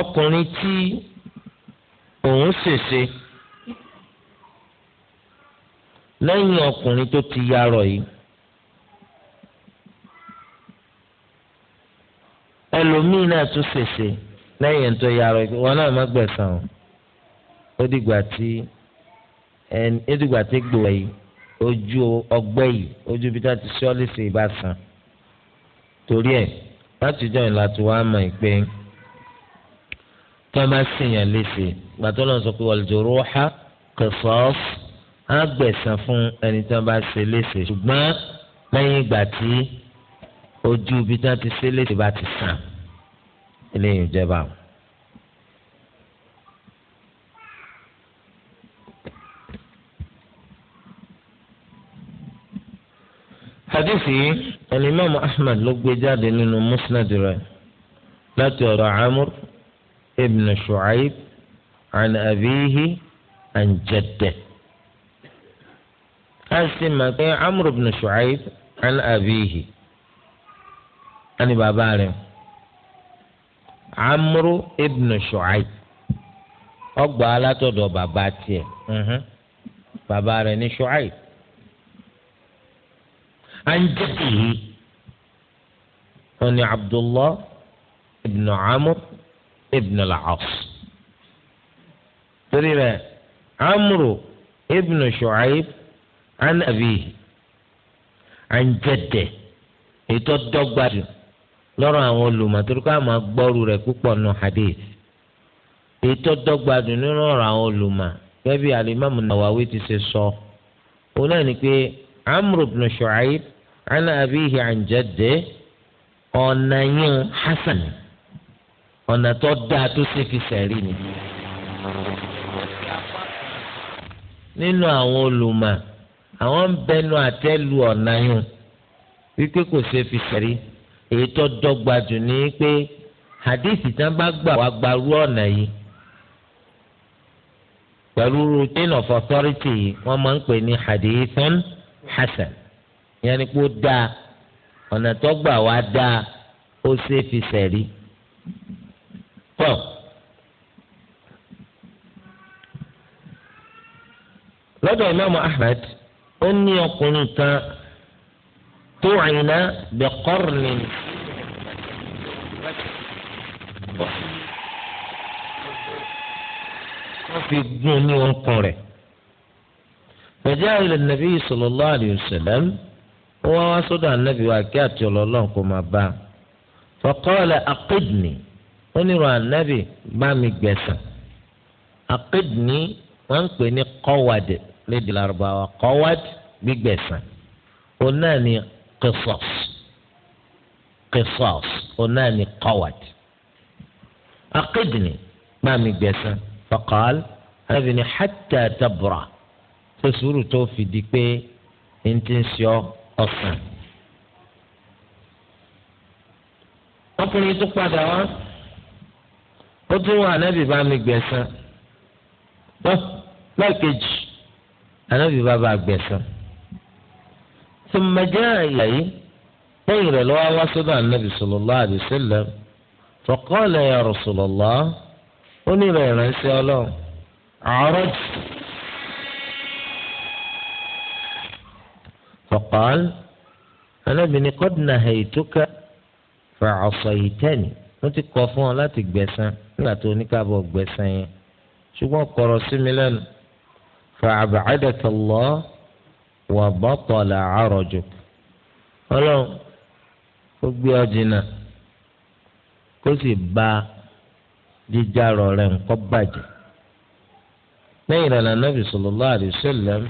ọkùnrin tí òun ṣèṣe. lẹ́yìn ọkùnrin tó ti yarọ̀ yìí ẹlòmíì náà tún ṣèṣe lẹ́yìn tó yarọ̀ yìí wọn náà má gbẹ̀san o ó dìgbà tí ẹni ó dìgbà tí gbòòrò yìí ojú ọgbẹ́ yìí ojú bí táti sọ́ọ́lì sí ibà sàn torí ẹ̀ láti jọ ìlà tí wàá mọ̀ ẹ́ pé tí wọ́n bá sèèyàn léṣe gbàtọ́ lọ́n sọ pé wal juruha qisas á gbẹ̀sán fún ẹni tí wọ́n bá ṣe léṣe ṣùgbọ́n lẹ́yìn ìgbà tí ojú ibi tí wọ́n ti ṣe léṣe bá ti sàn eléyìí ìjọba. hadithi alimami ahmed ló gbé jáde nínú musnad rẹ̀ láti ọ̀rọ̀ amur ibn shu'aib an abiyihi an jaddah asi ma pé amúrò bin Shu'aib an abiyihi ani bàbá rẹ̀ amúrò ibn Shu'aib ọgbà alátọ̀dọ̀ bàbá tiẹ̀ mhm. bàbá rẹ̀ ní Shu'aib an jaddihi wọ́n ní Abdullah ibn Amr ibn al-As torí rẹ̀ amúrò ibn Shu'aib. anabi anjede an jẹdẹ ètò dọ́gba jù lọ́rọ̀ àwọn olùmọ̀ torí ká máa gbọ́rù rẹ̀ púpọ̀ nù hadith ètò dọ́gba jù nínú ọ̀rọ̀ àwọn olùmọ̀ gẹ́bí alimami nawawi ti sọ òun náà ni fi ni àwọn ń bẹnu àtẹ́ lu ọ̀nà yun wípé kò ṣe fi ṣẹ̀rí èyí tó dọ́gba jù ní pé hadithi tán bá gbà wá gbarú ọ̀nà yìí pẹ̀lú chain of authority yìí wọ́n máa ń pè ní hadithon hasan ìyẹn ni pé ó dáa ọ̀nà tó gbà wá dáa ó ṣe fi ṣẹ̀rí pọ̀. lọ́dọ̀ Imam Ahmed ó ní ọkùnrin kan tó àyìnà bẹ̀kọ́rìnì. wọ́n fi gún ní ọkùn rẹ̀. فجاء إلى النبي صلى الله عليه وسلم هو وصد النبي وأكاد الله كما با فقال أقدني ونرى النبي ما مقبسا أقدني وانكني قود lédè Lárúbáwá kọ́wád gbígbẹ̀sán òun náà ni qisas qisas òun náà ni kọ́wád. aqidni máa mi gbẹ̀sán faqal ẹ̀rẹ́bì ni hatta tabra ṣe sùúrù tó fi di pé n ti ń ọ̀sán. ọkùnrin tó padà wá ó tún wà nábì bá mi gbẹ̀sán. lọ́ọ̀ lẹ́ẹ̀kejì anábì bàbá gbẹ̀sán tó mẹjẹ àyà yìí lẹ́yìn rẹ̀ lọ́wọ́ wá sọ́dọ̀ anábì sallallahu alaihi wasallam faqala ya Rasulullah ó ní ìrẹ̀ ìránṣẹ́ ọlọ́run àárọ̀ jù. faqal anábì ni qad nahaytuka fa'asaytani wọ́n ti kọ́ fún ọ láti gbẹ̀sán nígbà tó oníkàbọ̀ gbẹ̀sán yẹn ṣùgbọ́n kọ̀rọ̀ sí mi lẹ́nu. فأبعدك الله وبطل عرجك ọlọ́run ó gbé ọ jìnnà kó sì ba jíjàrọ rẹ nǹkan bàjẹ́ lẹ́yìn ìlànà nàbì sallallahu alaihi wasallam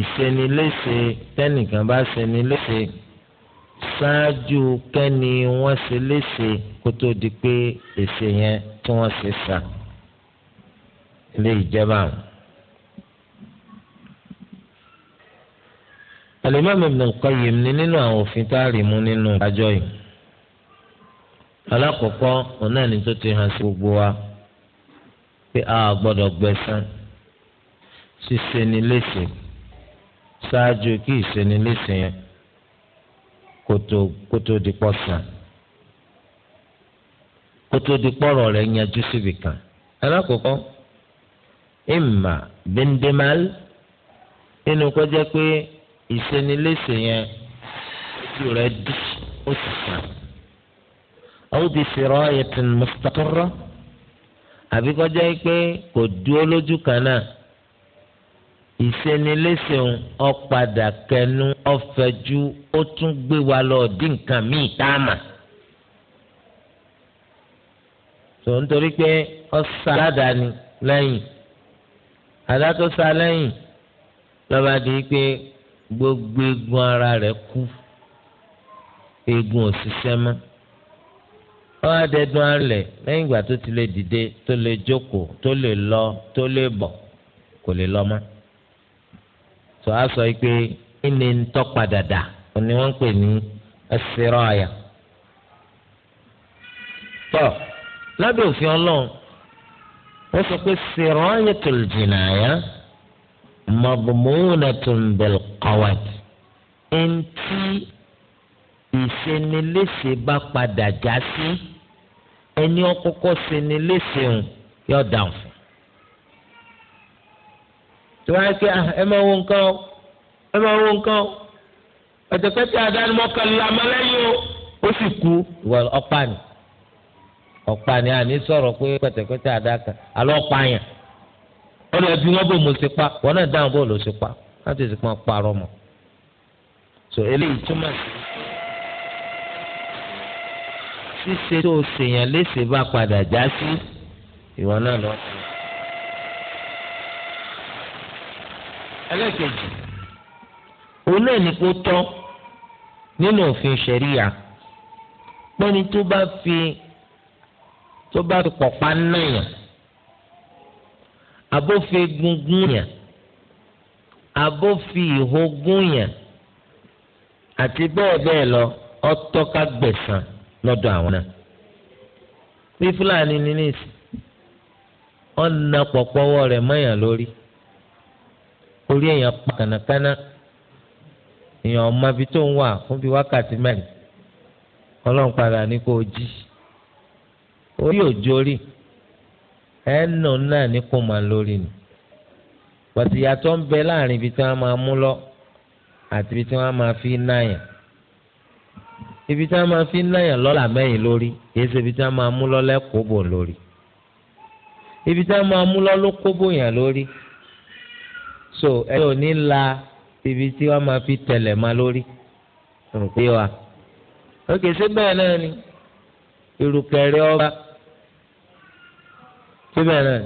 ìṣeniléṣe tẹnìkan bá ṣeniléṣe ṣáájú kẹ́ni wọ́n ṣe léṣe kó tó di pé èsè yẹn tí wọ́n ṣe sàn ilé ìjẹba àwọn. alimami ibn al-qayyim ni nínú àwọn òfin tá a rí mú nínú ìdájọ́ yìí alákọ̀ọ́kọ́ ọ̀nà ni tó ti hàn sí gbogbo wa pé a gbọ́dọ̀ gbẹ̀san ṣíṣe ni léṣe ṣáájú kí ìṣe ni léṣe yẹn kótó kótó dipọ sàn kótó dipọ rọ rẹ yanjú síbi kan alákòókò ìmà bíndémal nínú kọjá pé ìsenilése yẹn ojú rẹ dí ó sì sàn àwùjọ ìṣirò ayẹtìn mustaqarra àbí kọjá pé kò dúró lójú kan náà ìseniléṣeun ọ̀padà kẹnu ọ̀fẹ́jú ó tún gbé wa lọ dín nǹkan míì tá a mà. tó ń torí pé ọ̀sà aládàáni lẹ́yìn àdátó sa lẹ́yìn lọ́ba di pé gbogbo eegun ara rẹ̀ kú eegun òṣìṣẹ́ mọ́ wọ́n á dẹ́dun alẹ̀ ìgbà tó ti lè dìde tó lè jókòó tó lè lọ tó lè bọ̀ kò lè lọ mọ́. tó a sọ pé ẹni ń tọ́pa dàda ni wọ́n pè ní ẹsẹ̀rọ̀ọ̀yà. tọ́ lábẹ́ òfin ọlọ́run wọ́n sọ pé sẹ̀rọ̀ọ̀yà tó lè jìnnà yá mọ̀gbọ́mọ́nà tó ń bẹ̀rẹ̀ kọ́wàt ẹ̀ǹtí ìṣeniléṣe bá padà já sí ẹni tí wọ́n á ẹ máa wo nǹkan o ẹ máa wo nǹkan o o ó sì kú ìwọ ọ̀pá ni ọ̀pá ni àní sọ̀rọ̀ pé pẹ̀tẹ̀pẹ̀tẹ̀ àdáka alọ́ ọ̀pá yẹn ó lọ bò mo pa so eléyìí túmọ̀ sí ṣíṣe tó ṣèyàn léṣe bá padà já sí ìwọ náà ẹlẹ́kẹ̀jì òun náà ni kó tọ́ nínú òfin ṣẹ̀ríyà pẹ́ni tó bá fi tó bá fi pọ̀pá náyà abófin gungun yàn abófin ìhógun yàn àti bẹ́ẹ̀ bẹ́ẹ̀ lọ ọtọ́ ká gbẹ̀sán lọ́dọ̀ àwọn náà bí fúlàní ní nísì ọ̀nà pọ̀pọ́wọ́ rẹ̀ mọ́yàn lórí orí èèyàn pa kànákànná èèyàn ọmọ ibi tó ń wà fún bíi wákàtí mẹ́rin ọlọ́run padà ní kó jí orí òjò rí ẹnu náà ní kó máa lórí ni pàtìyàtọ̀ ń bẹ láàrin ibi tí wọ́n máa mú lọ àti ibi tí wọ́n máa fi náyà ibi tí wọ́n máa fi náyà lọ́là mẹ́yìn lórí kìí ibi tí wọ́n máa mú lọ lẹ́kọ̀ọ́bọ̀ lórí ibi tí wọ́n máa mú lọ ló kóbò yàn lórí so ẹni ò ní la ibi tí wọ́n máa fi tẹ̀lẹ̀ ma lórí nǹkan wa òkè sí bẹ́ẹ̀ náà ni ìrùkẹ̀rẹ̀ ọba sí bẹ́ẹ̀ náà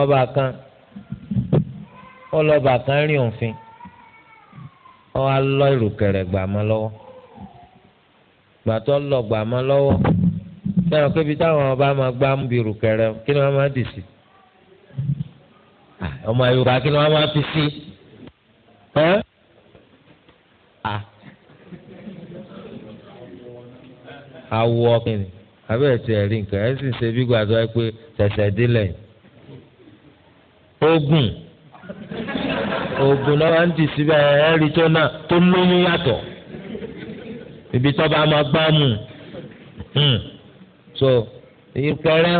ọba kan ọlọ́ba kan rìn òfin ọ wá lọ ìrùkẹ̀rẹ̀ gbà mọ́ lọ́wọ́ gbà tó lọ gbà mọ́ lọ́wọ́ sẹ́wọ̀n kébi táwọn ọba máa gbá mú bí ìrùkẹ̀rẹ̀ kí ni wọ́n máa dì sí ọmọ yorùbá kí ni wọ́n máa fi sí ẹ à awọ ọkùnrin abẹ́rẹ́ ti ẹ̀rí nǹkan ẹ̀ sì ń ṣe bí gbàdúrà pé tẹ̀sẹ̀ délẹ̀ ogun ogun náà wá ń dì síbẹ̀ ẹ̀rí tó náà tó lóyún yàtọ̀ ibi tó bá máa gbá mu hmm. so ìkẹrẹ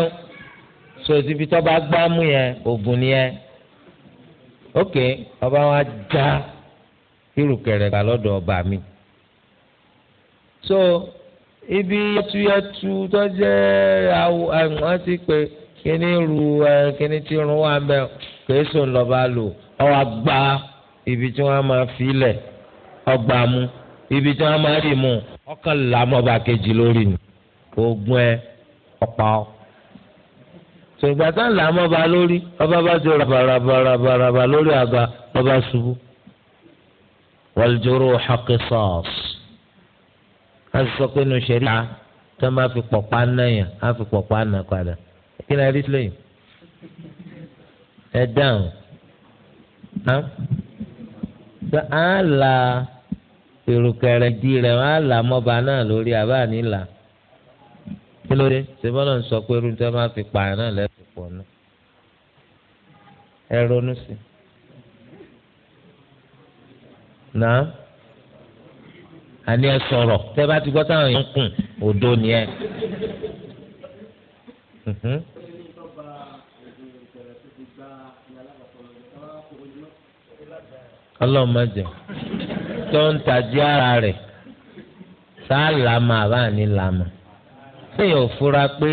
so ibi tó bá gbá mu yẹn ogun ni yẹn ok ọba wa já irùkẹ̀rẹ̀ gbà lọ́dọ̀ ọba mi so ibi yẹtuyẹtu tó jẹ awo ẹwọn ti pé kíní ru ẹ kíní ti rún wa mẹ kèésù ńlọba lò ọwọ gbá ibi tí wọn máa filẹ̀ ọgbà mu ibi tí wọn máa rì mu ọkàn làmọba kejì lórí ni oògùn ẹ ọpa ọ ṣùgbà tá ń là á mọ́ba lórí ọba bá ti rabarabaraba lórí àga ọba ṣubú. wàlùjọ́rò hàkì sọ́ọ̀sì. a sọ pé nu ṣẹ̀ríà tó máa fi pọ̀pá náyà á fi pọ̀pá nà padà. kí ni a rí sílẹ̀ yìí? ẹ dáhùn. ṣé à ń la èrò kẹrẹ̀dì rẹ̀ wọ́n á là mọ́ba náà lórí àbá nílà kí ló dé ṣèbọ́lọ̀ ń sọ pé irú tí wọ́n máa fi pààyàn náà lẹ́sìn pọ̀ náà ẹ ronú sí i. náà àní ẹ sọ̀rọ̀ tẹ́ bá ti gbọ́ táwọn yẹn ń kùn òdo ni ẹ. ọlọ́run má jẹ tó ń tají ara rẹ̀ sáà làmà àbáà ní làmà. téèyàn fura pé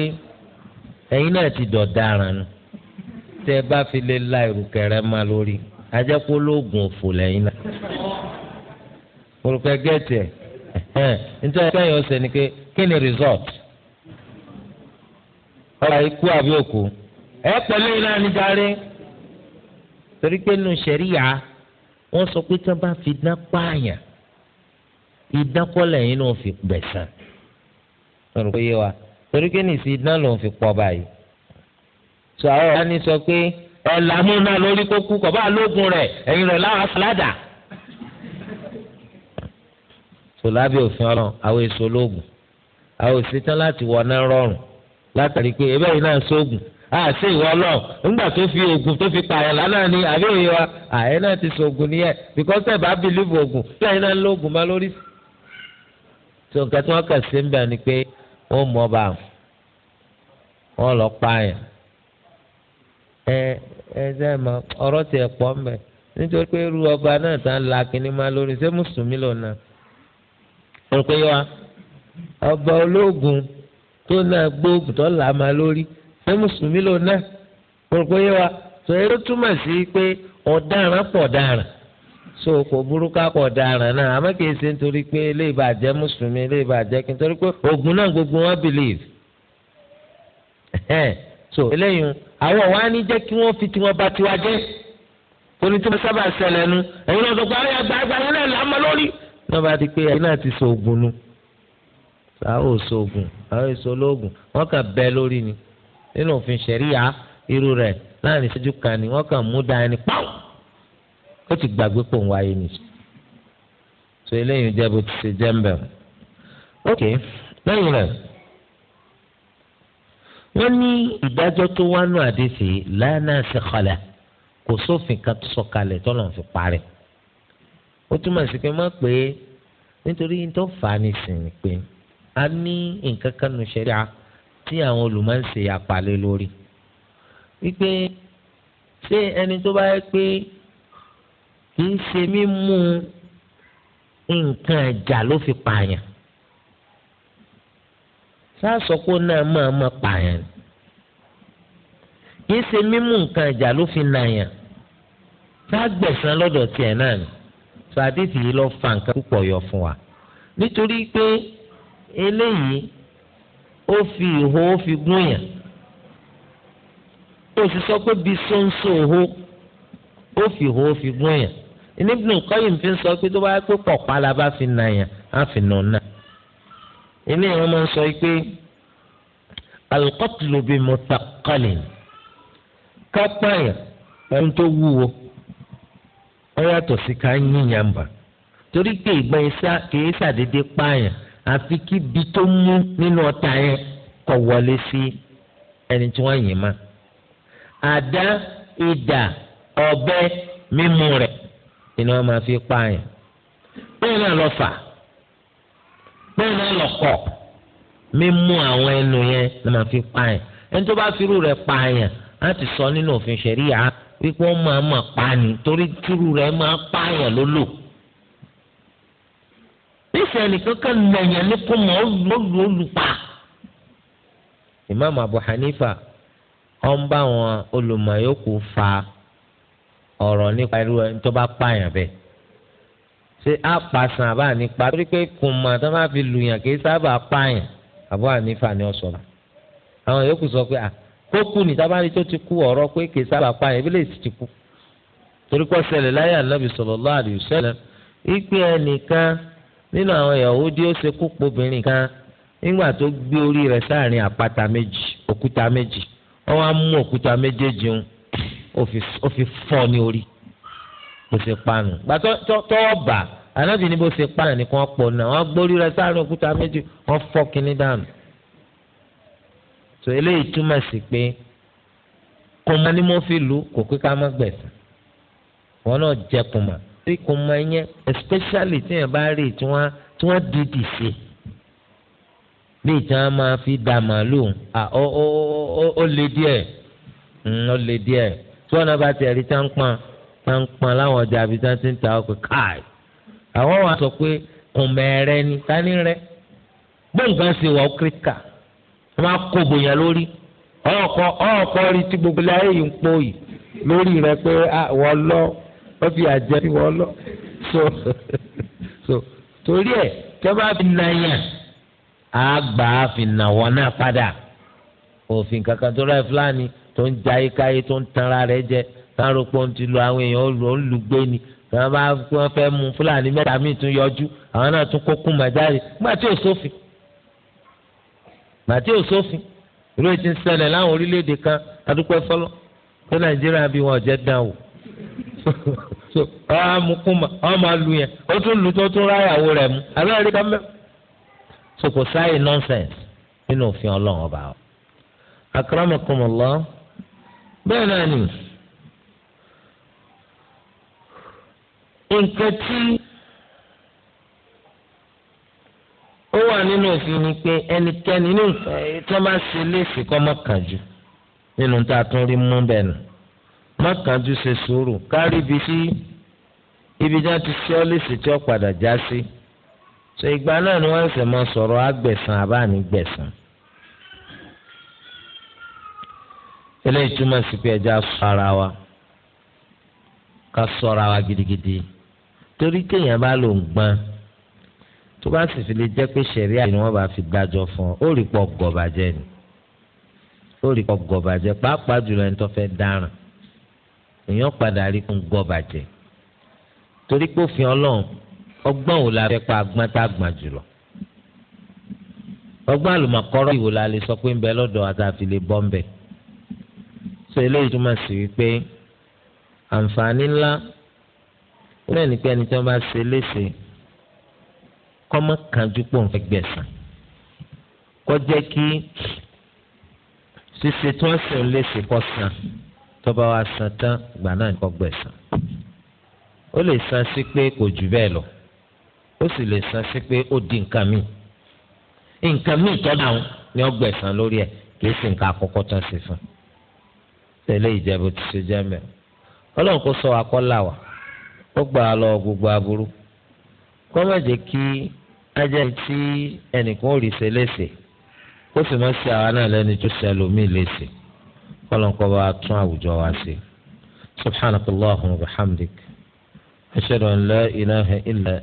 enyí náà ti dọ̀daràn nù tẹ ẹ bá fi lè la rẹ má lórí ajẹ́pọ̀ lóògùn òfò lẹ́yìn náà. ẹ̀ nítorí ni pé kí ni result ikú àbí òkú ẹ pẹ̀lú náà lọ́rùn pé yé wa torí pé nìsí iná lòun fi pọ̀ báyìí. sọ àwọn ọ̀rẹ́ ni sọ pé ọ̀là múná lórí kókú kọ̀ bá lóògùn rẹ̀ ẹ̀yìn rẹ̀ láwọn afọládà. sọ lábẹ́ òfin ọlọ́run àwọn èso lóògùn àwọn òṣìṣẹ́ láti wọ náà rọrùn látàrí pé ebe yìí náà sóògùn àṣé ìwọ náà nígbà tó fi oògùn tó fi pààyàn lánàá ni àbí èyí wa àyè náà ti sóògùn nìyẹn because ẹ bá bìlíìfù oògùn tí àyè náà lóògùn má lórí. tó nǹkan tí wọ́n kà sí ń bẹ̀ ni pé ó ọba wọn lọ pààyàn ẹ ẹ ṣe mọ ọ̀rọ̀ mbẹ nítorí pé ọba náà tá la kinní máa lórí ṣé mùsùlùmí lò náà pé wa ọba ológun tó náà gbóògùn tó là máa lórí ṣé mùsùlùmí lò náà wọn pé wa túmọ̀ so kò burúkú akọ̀ daràn náà àmọ́ kìí ṣe nítorí pé lè bá jẹ́ mùsùlùmí lè bá jẹ́ kí pé ògùn náà gbogbo wọn believe so eléyìí àwọn wa ni jẹ́ kí wọ́n fi tiwọn bá tiwa jẹ́ oní tí wọ́n sábà ṣẹlẹ̀ nu ẹ̀yin náà dọ̀gba ayé àgbà àgbà yẹn náà lámọ́ lórí. náà bá di pé ẹ̀yin náà ti sògùn nu àwọn òṣògùn àwọn èsòlógùn wọ́n kàn bẹ lórí ni nínú òfin ṣẹ̀ríyà irú rẹ̀ láàrin ìṣẹ́jú kan ni wọ́n kàn mú dání pàwọn ó ti gbàgbé pò ń wáyé nìyí so eléyìí jẹ́ bó ti ṣe jẹ́ ń bẹ̀ ok lẹ́yìn rẹ̀ wọ́n ní ìdájọ́ tó wá nù àdéhìí lánàá sí kọlẹ̀ kò sófin kan tó sọ̀kalẹ̀ tó lọ́n fi parẹ́ ó túmọ̀ sí pé má pé nítorí tó fà á nísìnyí pé a ní nǹkan kan nù ṣẹ́ríà tí àwọn olùmọ̀ọ́sẹ̀ apalẹ̀ lórí wípé ṣé ẹni tó bá yẹ pé kì í ṣe mímú nǹkan ẹ̀jà ló fi pààyàn sáàsọ̀kò náà máa ma pààyàn kì í ṣe mímú nǹkan ẹ̀jà ló fi nàyàn sáàgbẹ̀sán lọ́dọ̀ tiẹ̀ náà ni sọ àdéhìí yìí lọ́ọ́ fa nǹkan púpọ̀ yọ fún wa nítorí pé eléyìí ó fi ìhó ó fi gún yàn ó sì sọ pé bí sọ́nsọ́ òhó ó fi ìhó ó fi gún yàn. Ibn Qayyim fi ń sọ pé tó bá pé pọ̀pá la bá fi nà yàn á nà ọ̀nà. ilé ìwọ́n máa sọ pé al-qatlu bi mutaqalin kápáyà ohun tó wúwo ó yàtọ̀ sí ká yíyan bà torí pé ìgbà kìí ṣàdédé pààyàn àfi kí ibi tó mú nínú ọta yẹn kó wọlé sí ẹni tí wọ́n yìn má. àdá ìdà ọ̀bẹ mímú rẹ̀ ni wọ́n máa fi pààyàn bẹ́ẹ̀ náà lọ fà bẹ́ẹ̀ náà lọ kọ̀ mímú àwọn ẹnu yẹn ló máa fi pààyàn ẹni tó bá firú rẹ̀ pààyàn á ti sọ nínú òfin ṣẹ̀ríyà wípé wọ́n máa máa pààyàn torí tírú rẹ̀ máa pààyàn ló lò nífẹ̀ẹ́ ẹnìkan kan lẹ̀yìn ní kó mọ̀ olùpa. ìmáàmù Abu Hanifa ọ̀n bá wọn olùmọ̀yókù fa ọ̀rọ̀ nípa irú ẹni tó bá pààyàn bẹ́ẹ̀ ṣé á pa àbá nípa torí pé fi lùyàn kì í sábà pààyàn àbọ̀ ànífà ni ọ sọ la sọ pé kó kú ní tó ti kú ọ̀rọ̀ pé kì í sábà pààyàn ti kú torí ṣẹlẹ̀ láyé ànábì ẹnìkan nínú àwọn ó ṣe kú pobìnrin kan nígbà tó gbé orí rẹ̀ sáàrin àpáta méjì òkúta méjì wọ́n wá mú òkúta méjèèjì ń ó fi fọ́ ní orí bó ṣe panu gbà tọ́wọ́ bà ànábì ní bó ṣe panu ní kí wọ́n pọ̀ náà wọ́n gbórí rẹ̀ sáárín òkúta méjì wọ́n fọ́ kínní dànù. tó eléyìí túmọ̀ sí pé kùmà ni mo fi lù kò pé ká má gbẹ̀sán wọn náà jẹ kùmà tí kùmà yẹn especially tí yẹn bá rí tí wọ́n tí wọ́n dìdì sí bíi tí wọ́n máa fi dà màálù ó lé díẹ̀ hmm, ó lé díẹ̀ tí wọn náà bá tiẹ̀ rí táǹpà táǹpà láwọn ọjà àbí táǹtì ń ta ọkọ̀ káì àwọn wa sọ pé kùnmẹ́rẹ́ ni tání rẹ gbọ̀ngàn sì wọ kíríkà wọn máa kó bòyàn lórí ọ̀ọ̀kọ́ ọ̀ọ̀kọ́ rí tí gbogbo láyé yìí ń pò yìí lórí rẹ pé wọ́n lọ wọ́n fi àjẹ́ sí wọ́n lọ so so torí ẹ̀ tẹ́ bá fi nàyàn àgbà fi nà wọ́n náà padà òfin kankan tó rẹ̀ fúlàní tó ń ja ayíkáyé tó ń tanra rẹ̀ jẹ táwọn rògbò ń ti lu àwọn èèyàn ń lù gbé ni wọn bá wọn fẹ́ mú fúlàní mẹ́ta míì tún yọjú àwọn náà tún kókó màjáde gbàtí òsófin gbàtí òsófin irú ètí ń ṣẹlẹ̀ láwọn orílẹ̀-èdè kan adúpẹ́ fọlọ́ pé nàìjíríà bí wọn jẹ́ dán o so ọmọkùnmá ọmọ lu yẹn ó tún lu tó tún ráyàwó rẹ̀ mú abẹ́rẹ́ kan mẹ́. so kò sáyè nọ́nsẹ̀nsì nínú òfin ọlọ́run ọba akọ́rọ́mọkùnmọ́ lọ́wọ́ bẹ́ẹ̀ náà nì nǹkan tí ó wà nínú òfin ni pé ẹnikẹ́ni ní tó bá ṣe léèfì kọ́ má kánjú nínú tá a tún rí mú bẹ́ẹ̀ nù má kánjú ṣe sùúrù kárí ibi tí ibi tí wọ́n ti ṣe ọ́ léèfì tí ó padà já sí so ìgbà náà ni wọ́n ṣẹ̀ máa sọ̀rọ̀ àgbẹ̀san àbáàní gbẹ̀san. eléyìí túmọ̀ sí pé ẹja sọ ara wa ká sọ ara wa gidigidi torí téèyàn bá lò ń gbọ́n tó bá sì fi lè jẹ́ pé sẹ̀ríà ni wọ́n bá fi gbàjọ fún ọ ó rí pọ̀ gọ̀bàjẹ́ ni ó rí pọ̀ gọ̀bàjẹ́ pàápàá jùlọ ẹni tó fẹ́ dáràn èèyàn padà rí kún gọ̀bàjẹ́ torí pé òfin ọlọ́run ọgbọ́n wo la fẹ́ pa agbọ́n tá a gbọ́n jùlọ ọgbọ́n àlùmọ̀kọ́rọ́ ìwò la lè sọ pé ń bẹ lọ́dọ̀ àtàfi lè bọ́ ń bẹ́ẹ̀ so eléyìí túmọ̀ sí wípé àǹfààní ńlá náà ní pé ẹni tí wọ́n bá ṣe léṣe kọ́mọ́ kanjú pò ń fẹ́ gbẹ̀sán kọ́ jẹ́ kí ṣíṣe tí wọ́n sì ń léṣe kọ́ san tó bá wa san tán ìgbà náà ní kọ́ gbẹ̀sán ó lè san sí pé kò jù bẹ́ẹ̀ lọ ó sì lè san sí pé ó di nǹkan míì nǹkan míì tọ́ da wọn ni ó gbẹ̀sán lórí ẹ̀ kì í sì nǹkan àkọ́kọ́ tán sí fún un. tẹ̀lé ìjẹ́bù ti ṣe jẹ́ mẹ́. kò sọ akọ́là wa ó gbà á lọ gbogbo aburú kó má jẹ́ kí ajẹ́ tí ẹnìkan ò rí ṣe léṣe ó sì má ṣe àwa náà lẹ́ni tó ṣe ẹlòmíì léṣe bá tún àwùjọ wa ṣe. أشهد أن لا إله إلا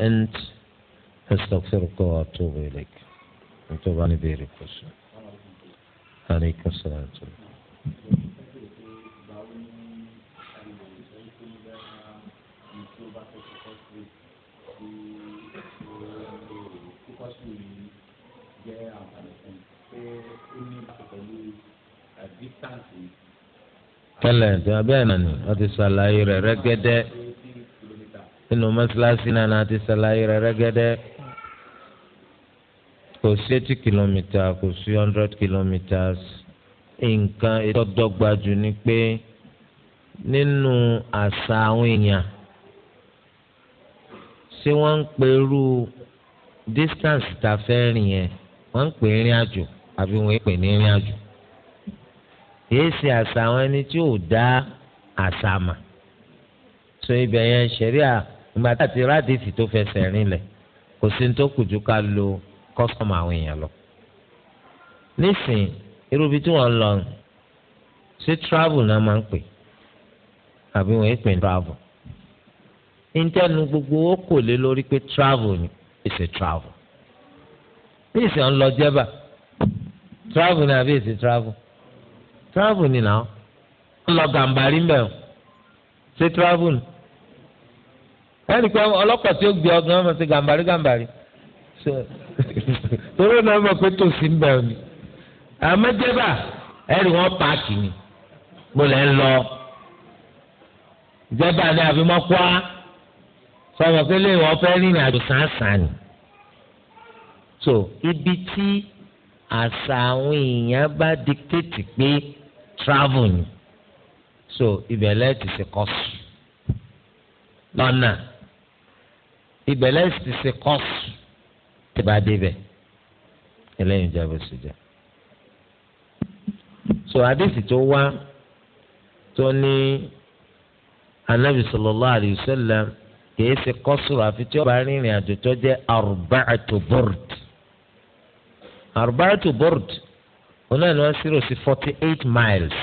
kíkọ́sù na tí wọ́n bẹ́ẹ̀ nà ní ti ṣàlàyé nínú mọ́ṣáláṣí náà náà ti ṣàlàyé kò sí eighty kilometre kò sí hundred kilometres nǹkan ìtọ́dọ́gba jù ni nínú àṣà tí wọ́n ń pe irú distance tá fẹ́ rìn yẹn wọ́n ń pè é rìn àjò àbí wọ́n ń pè ní rìn àjò kìí ṣe àṣà àwọn ẹni tí ò dá àṣà mà so ibẹ̀ yẹn ṣẹ̀ríà ìgbà tá àti rádìsì tó fẹsẹ̀ rinlẹ̀ kò sí ní tó kù ká lo kọ́sọ̀mù àwọn èèyàn lọ. nísìnyí irú ibi tí wọ́n ń lọ sí travel náà máa ń pè àbí wọ́n ń pè travel níjẹ́nu gbogbo owó kò lé lórí pé travel ni èsì travel bí èsì ń lọ jẹ́bà travel ni àbí èsì travel travel ni náà ń lọ gàǹbarí ń bẹ̀ ọ́ travel ni ẹnì kan ọlọ́pàá tí ó gbé ọgán ọmọ sí gàǹbarí gàǹbarí torí ọ̀nà ọmọ pé tòsí ń bẹ̀ ni àmọ́ jẹ́bà ẹ̀rì wọn paaki ni mo lẹ́ ń lọ jẹ́bà ni àbí mọ́kúá sọmọ pé lè wọ́n fẹ́ rìnrìn àjò sàǹsàn ni so ibi tí àṣà àwọn èèyàn bá dictate pé travel ni so ibẹ̀ lẹ́yìn ti ṣe kọ́sù lọ́nà ibẹ̀ lẹ́yìn ti ṣe kọ́sù tí bá débẹ̀ ẹlẹ́yìn ìjọba ṣèjà so àdéhìí tó wá tó ní anabi sallallahu alayhi wa sallam. kìí ṣe kọ́sùrù àfi tí ó bá rìnrìn àjò tó jẹ́ arba'atu burd arba'atu burd onáà ni wọ́n ṣírò sí forty eight miles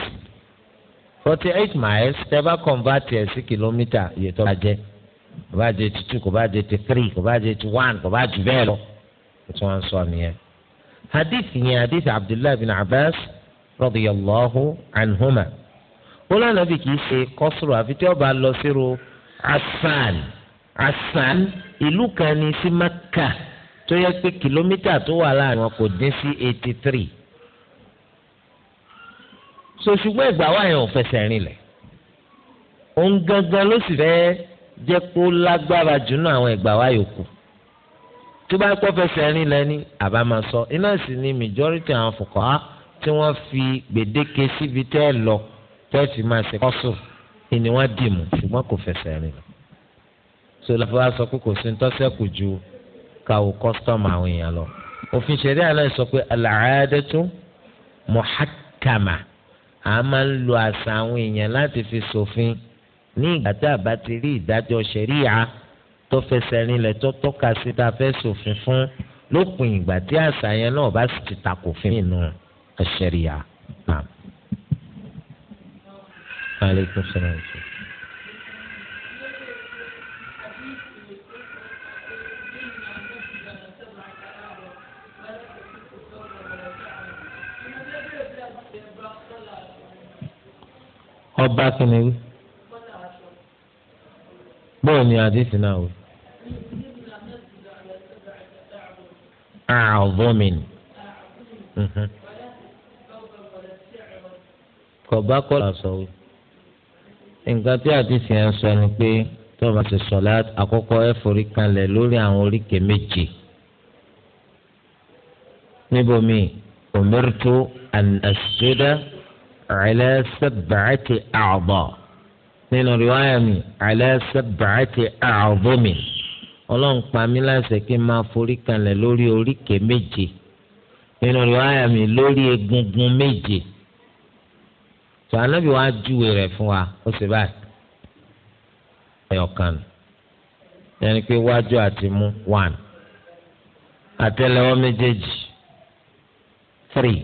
forty eight miles tẹ́ bá convert ẹ̀ sí kìlómítà iye tó bá jẹ́ kò bá jẹ́ two kò bá jẹ́ three kò bá jẹ́ one kò bá jù bẹ́ẹ̀ lọ kò sọ nìyẹn. hadith yẹn hadith abdullahi bin abbas radiyallahu anhuma asan. asan ìlú kan ní sí mẹ́kà tó yẹ pé kìlómítà tó wà láàrin wọn kò dín sí eighty three so ṣùgbọ́n ìgbà wa yẹn ò fẹsẹ̀ rinlẹ̀ òun gangan ló sì fẹ́ jẹ́ kó lágbára jù nínú àwọn ìgbà wa yòókù tó bá kọ́ fẹsẹ̀ rinlẹ̀ ni àbá máa sọ iná sì ni majority àwọn fòkàá tí wọ́n fi gbèdéke síbi tẹ́ ẹ lọ tẹ́ ẹ fi máa ṣe kọ́sùn ni dì mú ṣùgbọ́n kò fẹsẹ̀ rinlẹ̀ so lọ́fọ́ sọ pé kò sí ntọ́sẹ̀ kù ju kàwọ́ kọ́sítọ́mù àwọn èèyàn lọ. òfin ṣẹ̀rí àná sọ pé al-aadatu muhakkama a máa ń lo àṣà àwọn èèyàn láti fi ṣòfin ní ìgbà tá a bá ti rí ìdájọ́ ṣẹ̀ríyà tó fẹsẹ̀ rinlẹ̀ tó tọ́ka sí tá fẹ́ ṣòfin fún lópin ìgbà tí àṣà yẹn náà bá sì ti takò fún mi nù ṣẹ̀ríyà. Aleykum ọba kìnìún wí bóyá ni àdìsí náà wí. àvọ́mìn mhm. kọ̀bá kọ́ làásọ̀ wí. nǹkan tí àdìsí yẹn sọ ni pé tọ́ba ti sọ̀lá àkọ́kọ́ ẹ̀ kanlẹ̀ lórí àwọn oríkèé méje níbo mi òmìrìtú àṣìṣẹ́dá ala sab'ati a'dha nínú riwaya mi ala sab'ati a'dhumi ọlọ́run pa mí láṣẹ kí n máa forí kanlẹ̀ lórí oríkèé méje nínú riwaya mi lórí egungun méje tó anábì wàá júwe rẹ̀ fún wa ó sì báyìí ẹ̀yọ̀kan yẹnni pé wájú àti mú one àtẹ́lẹwọ́ méjèèjì three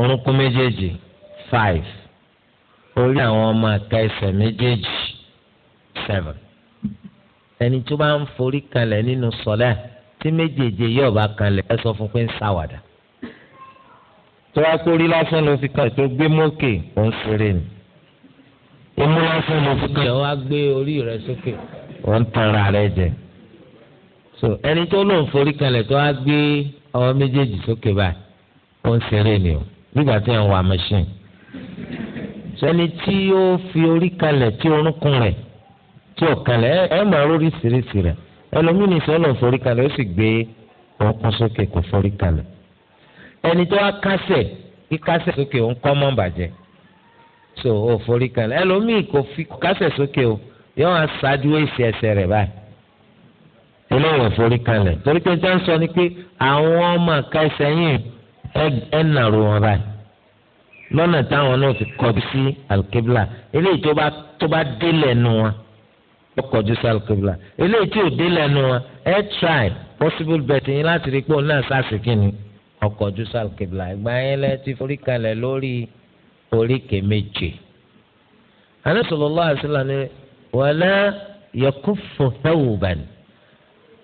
orúnkún méjèèjì five orí àwọn ọmọ àka ẹsẹ̀ méjèèjì seven ẹni tó bá ń forí kanlẹ̀ nínú sọlẹ̀ tí méjèèjì yóò bá kanlẹ̀ ẹ sọ fún pé ń ṣàwàdà tó wá sórí lásán ló fi kan tó gbé mókè ó ṣeré ni imú lásán ló fi kan. ìjọba gbé orí rẹ sókè. wọ́n ń rẹ jẹ. so ẹni tó lóun forí kanlẹ̀ tó wá gbé ọwọ́ méjèèjì sókè báyìí ó ṣeré ni o nígbà tí ẹ̀ ń wa machine sẹ́ni tí ó fi orí kalẹ̀ tí orúnkún rẹ̀ tí ò kalẹ̀ ẹ máa rórí sírísì rẹ̀ ẹlòmínì sọ lọ forí kalẹ̀ ó sì gbé ọkùn sókè kò forí kalẹ̀ ẹni tó wá kásẹ̀ kí kásẹ̀ sókè ó ń kọ́ mọ́ bàjẹ́ so ó forí kalẹ̀ ẹlòmíì kò fi kásẹ̀ sókè o yọ wọn aṣáájú èsì ẹsẹ̀ rẹ̀ báyìí eléyìí ò forí kalẹ̀ torí pé jẹ́ ń sọ ni pé àwọn ọmọ àka ẹ nàró wọn báyìí lọ́nà táwọn náà fi kọjú sí alkebla eléyìí tó bá tó bá délẹ̀ nu wọn ó kọjú sí alkebla eléyìí tí ò délẹ̀ nu wọn ẹ try possible bet yín láti rí pé òun náà sáàsì kìíní ọkọjú sí alkebla ìgbà yẹn lẹ ti forí kalẹ̀ lórí oríkè méje. Ànábì sallallahu alaihi wasallam ni wala yakuffu thawban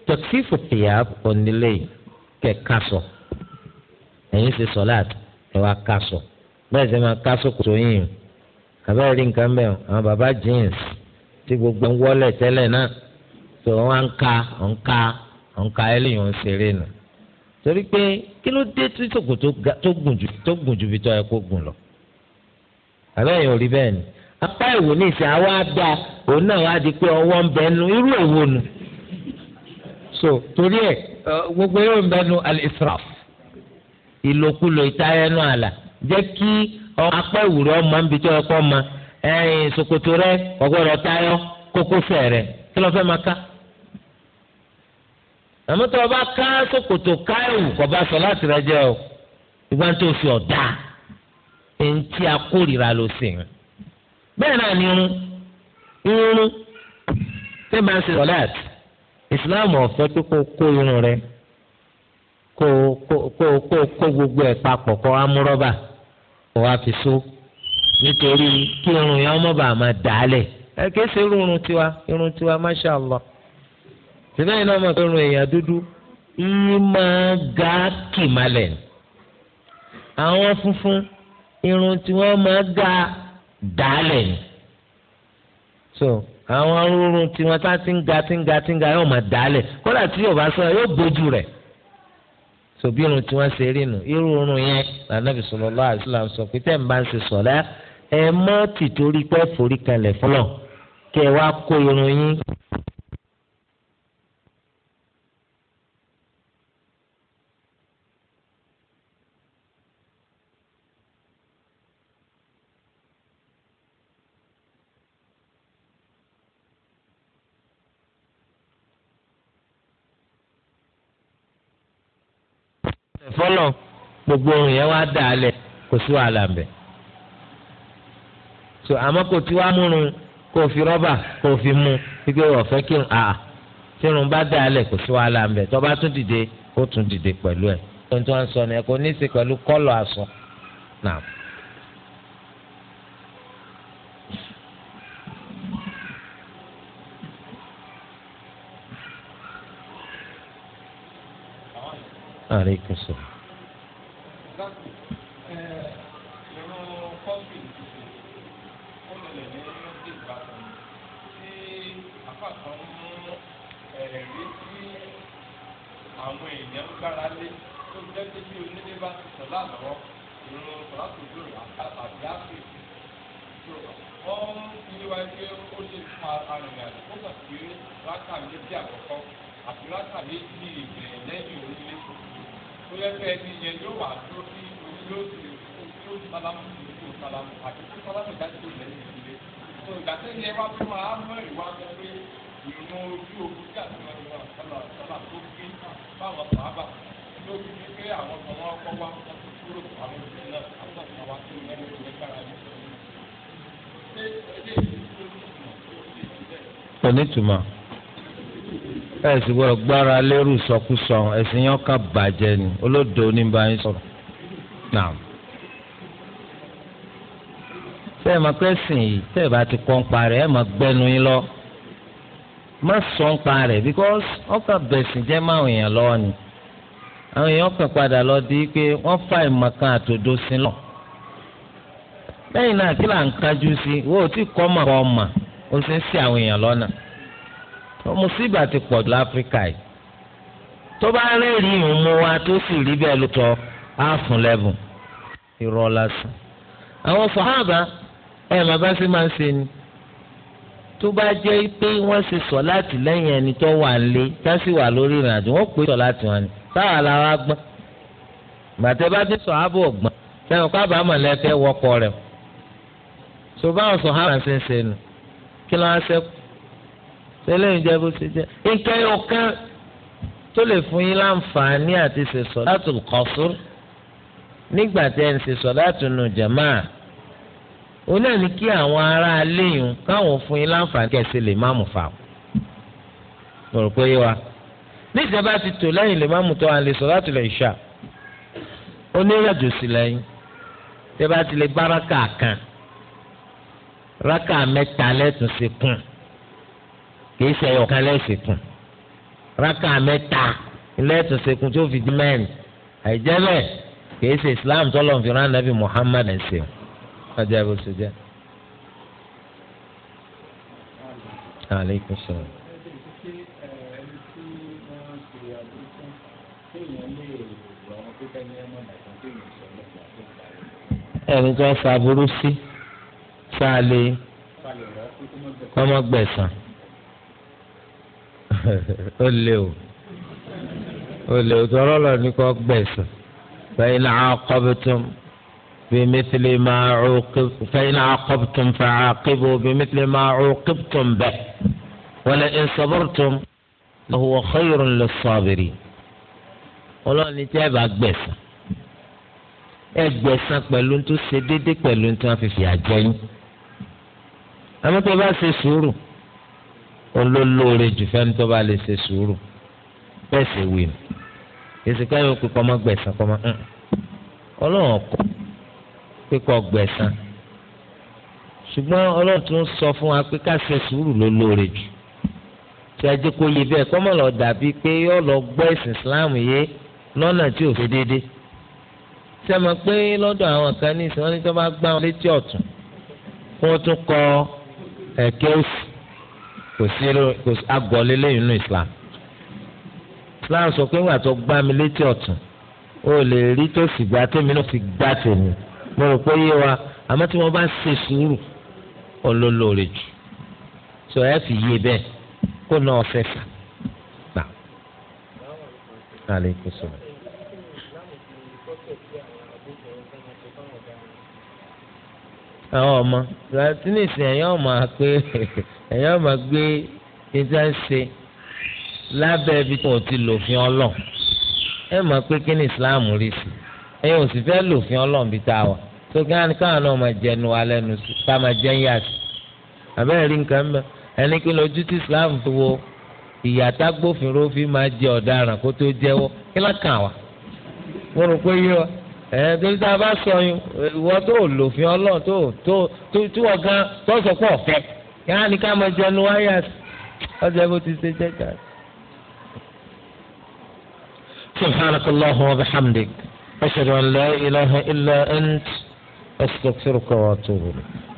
takfifu thiyab onílé kẹ̀ka sọ. So ẹ̀yin ṣe sọ̀láàtì ẹ wá kásọ bẹ́ẹ̀ ṣe máa kásọ kòtò yìnyín àbẹ́rẹ́ rí nǹkan bẹ́ẹ̀ àwọn bàbá jeans tí gbogbo ń wọlé tẹ́lẹ̀ náà tó wọn ń ka ń ka ń ka ẹlẹ́yìn ń ṣeré nù torí pé kí ló dé tí ṣòkòtò tó gùn ju tó gùn ju bí tọ́ ẹ kó gùn lọ àbẹ́yìn ò rí bẹ́ẹ̀ ni apá ìwò ní ìsìn àwa da òun náà wá di pé ọwọ́ ń bẹ nu irú èwo nu so torí ẹ gbogbo yóò ń bẹ nu al-israf. ìlòkulò ìtayẹnu àlà jẹ́ kí apá ìwúrọ̀ ọmọ níbi tí ọkọ ma ẹ̀yìn sokoto rẹ ọgbọ́dọ̀ tayọ kókósẹ̀ rẹ kí ló fẹ máa ká. àmọ́ tó ká ká sọ láti rẹ jẹ o ìgbà tó o fi ọ̀dà eŋti akórira ló ń. bẹ́ẹ̀ náà ni irun irun tẹ́ bá ń kó kó kó kó gbogbo ẹ̀ papọ̀ kó wá mú rọ́bà kó wá fi so nítorí kí irun yẹn ọmọ bàá máa dàálẹ̀ ẹ kìí ṣe irú irun tiwa irun tiwa masha allah síbẹ̀ yìí náà mọ̀ pé irun èèyàn dúdú yìí máa ga kìmalẹ̀ àwọn funfun irun tí wọ́n máa ga dàálẹ̀ ni so àwọn arúgbó tí wọ́n tá ti ń ga ti ń ga ti ń ga yóò máa dàálẹ̀ kódà tí yóò bá sọ yóò bójú rẹ̀ sobi irun tí wọ́n ṣe rí nu irú irun yẹn lànàbì sallallahu alaihi wasallam sọ pé tẹ́ ń bá ń ṣe sọ̀lá ẹ mọ́ tìtorí pé forí kalẹ̀ fọlọ́ kẹ́ ẹ wá kó irun yín fọlọ gbogbo ohun yẹn wá dà á lẹ kò sí wàhálà mbẹ so àmọ́ kò tí wàá múrun kò fi kò fi mu gbígbé ọ̀fẹ́ kí n àá tí irun bá mbẹ tó bá tún dìde tún dìde tó sọ ni ẹ kò ní í Aleykum salaam. ẹ̀rí tí àkọ́kọ́ àti rákà méjì ìbẹ̀rẹ̀ lẹ́yìn orílẹ̀-èdè tó lẹ́nu yẹn yóò wà tó sí yóò sì tó sálámù tó sálámù àti tó sálámù ìdájọ́ lẹ́yìn ìdílé tó ìdájọ́ yẹn wá fún wa mọ ìwà sọ pé ìrùnà ojú ogun tí àti wọn wà sábà sábà tó fi báwọn sábà tó fi ní pé àwọn kan wọn kọ́ kúrò àwọn òṣèlú náà àwọn kan tó lẹ́nu ìdílé kára ní sọ́yìn. ṣé ilé ìdílé tó ní ìtumọ̀? ẹ̀sìn wọ gbára lérú sọkúsọ ẹ̀sìn yẹn ká ni olódò oníbàáyín sọ̀rọ̀ náà tẹ́ ẹ̀ máa pẹ́ sìn yìí tẹ́ bá ti kọ́ ń parẹ́ ẹ̀ máa gbẹ́nu yín lọ má sọ because ọkà bẹ̀sìn jẹ́ máa ni àwọn èèyàn kan padà lọ di pé wọ́n fa ìmọ̀ àtòdó sí lọ. lẹ́yìn náà kí là ń kájú sí wo ò tí kọ́ mọ̀ kọ́ ó sì mùsíbà ti pọ̀ jù áfíríkà yìí tó bá rẹ́rìí ìmú wa tó sì rí bẹ́ẹ̀ ló tọ́ á àwọn ẹ̀ bá sí máa ń ṣe ni tó bá jẹ́ pé wọ́n ṣe sọ láti lẹ́yìn ẹni tó wà lé tá lórí ìrìnàjò wọ́n pè láti wọn ni táwa la wá gbọ́n gbàtẹ́ bá dé sọ ààbò ọ̀gbọ́n sẹ́wọ̀n wọ́pọ̀ rẹ̀ tó báwọn sẹ́lẹ̀ ìjẹ́ bó ṣe jẹ́ nǹkan ọ̀kan tó lè fún yín láǹfààní àti ṣe sọ̀látù kọ́sùr nígbà tẹ́ ẹ̀ ń ṣe sọ̀látù nù jàmáà ó náà ní kí àwọn ará aléyìn káwọn fún yín láǹfààní kẹ̀sì lè má mú fa mo rò pé yé wa níjọba ti tò lẹ́yìn lè má mú tó àlè sọ̀látù lè ṣà onírìnàjò sí lẹ́yìn tẹ́ ti lè bá rákà kan rákà mẹ́ta lẹ́tùn sí kùn kìí ṣe ọ̀kan lẹ́sìn kù rákà mẹ́ta lẹ́tọ̀ sekun tó fi di mẹ́rin àìjẹ́ bẹ́ẹ̀ kìí ṣe islam tọ́lọ̀ fi rán nàbì muhammad ẹ̀sìn ọjọ́ ìbò sojẹ́. aleykum salaam. ẹni tó ń fa burú sí sáà lè kọ́mọ́gbẹ̀sán. ó lé o ó lé o tọrọ lọ ní kò gbẹ̀sán fẹ́yìn àkọ́bùtùm bí mẹ́tìlì máa ọ̀kẹ́bù fẹ́yìn àkọ́bùtùm fàákẹ́bù bí mẹ́tìlì máa ọ̀kẹ́bùtùm bẹ́ẹ̀ wọlé ẹ̀sọ́bọ̀tùm ọ̀hún ọ̀kẹ́yìrún lọ sọ́ọ̀bìrì ọlọ́run ní tí ẹ bá gbẹ̀sán ẹ gbẹ̀sán pẹ̀lú tó ṣe déédéé pẹ̀lú tó wọ́n fi fìyà jẹ yín tó bá ṣe sùúrù olólóore jù fẹ́ni tó bá lè ṣe sùúrù bẹ́ẹ̀ sì wí nù èsì káyọ̀ pé kọ́ mọ́ gbẹ̀sán kọ́ mọ́ ń ọlọ́run ọkọ̀ pé kọ́ gbẹ̀sán ṣùgbọ́n ọlọ́run tún sọ fún wa pé ká ṣe sùúrù ló jù tí a jẹ́ kó yé bẹ́ẹ̀ kọ́ mọ́ lọ dàbí pé yọ́ lọ gbọ́ ẹ̀sìn Islam yé lọ́nà tí ò fi déédéé ṣe mọ̀ pé lọ́dọ̀ àwọn kan ní ìsìn wọn ní tí bá gbá wọn létí ọ̀tún kó tún kọ ẹ̀kẹ́ òsì kò sí kò sí agbọ̀lé lẹ́yìn inú islam islam sọ pé ńgbà tó gbá mi létí ọ̀tún ó lè rí tó sì gbá tèmi náà sì gbá tèmi mo rò pé yé wa àmọ́ tí wọ́n bá ṣe sùúrù olólóore jù sọ ẹ fi yé bẹ́ẹ̀ kó náà ọ̀fẹ́ fà gbà. aleykum salaam. àwọn ọmọ tí ní ìsìn ẹ̀yìn ọmọ pé ẹ̀yàn máa gbé níta ń ṣe lábẹ́ ibi tí wọ́n ti lòfin ọlọ́ọ̀ ẹ mọ̀ pé kí ni Islam rí sí ẹ̀yin ò sì fẹ́ lòfin ọlọ́ọ̀ bí tá a wà tó kí wọ́n káwọn náà máa jẹnu alẹ́ nu sí ká máa jẹ́ yá sí àbẹ́rẹ́ rí nǹkan mọ́ ẹni kí lójú tí Islam tó wo ìyàtá gbófinró fi máa jẹ ọ̀daràn kó tó jẹ́wọ́ kí lákàn wà mo rò pé yé ẹ torí tá a bá sọ yín ìwọ tó lòfin ọlọ́ọ̀ tó tó tó tí wọ́n gan tó sọ pé ọ̀fẹ́ yàrá ni ká máa jẹnu wáyàs ọjọ́ bó ti ṣe jẹ́ سبحانك اللهم وبحمدك أشهد أن لا إله إلا أنت أستغفرك وأتوب إليك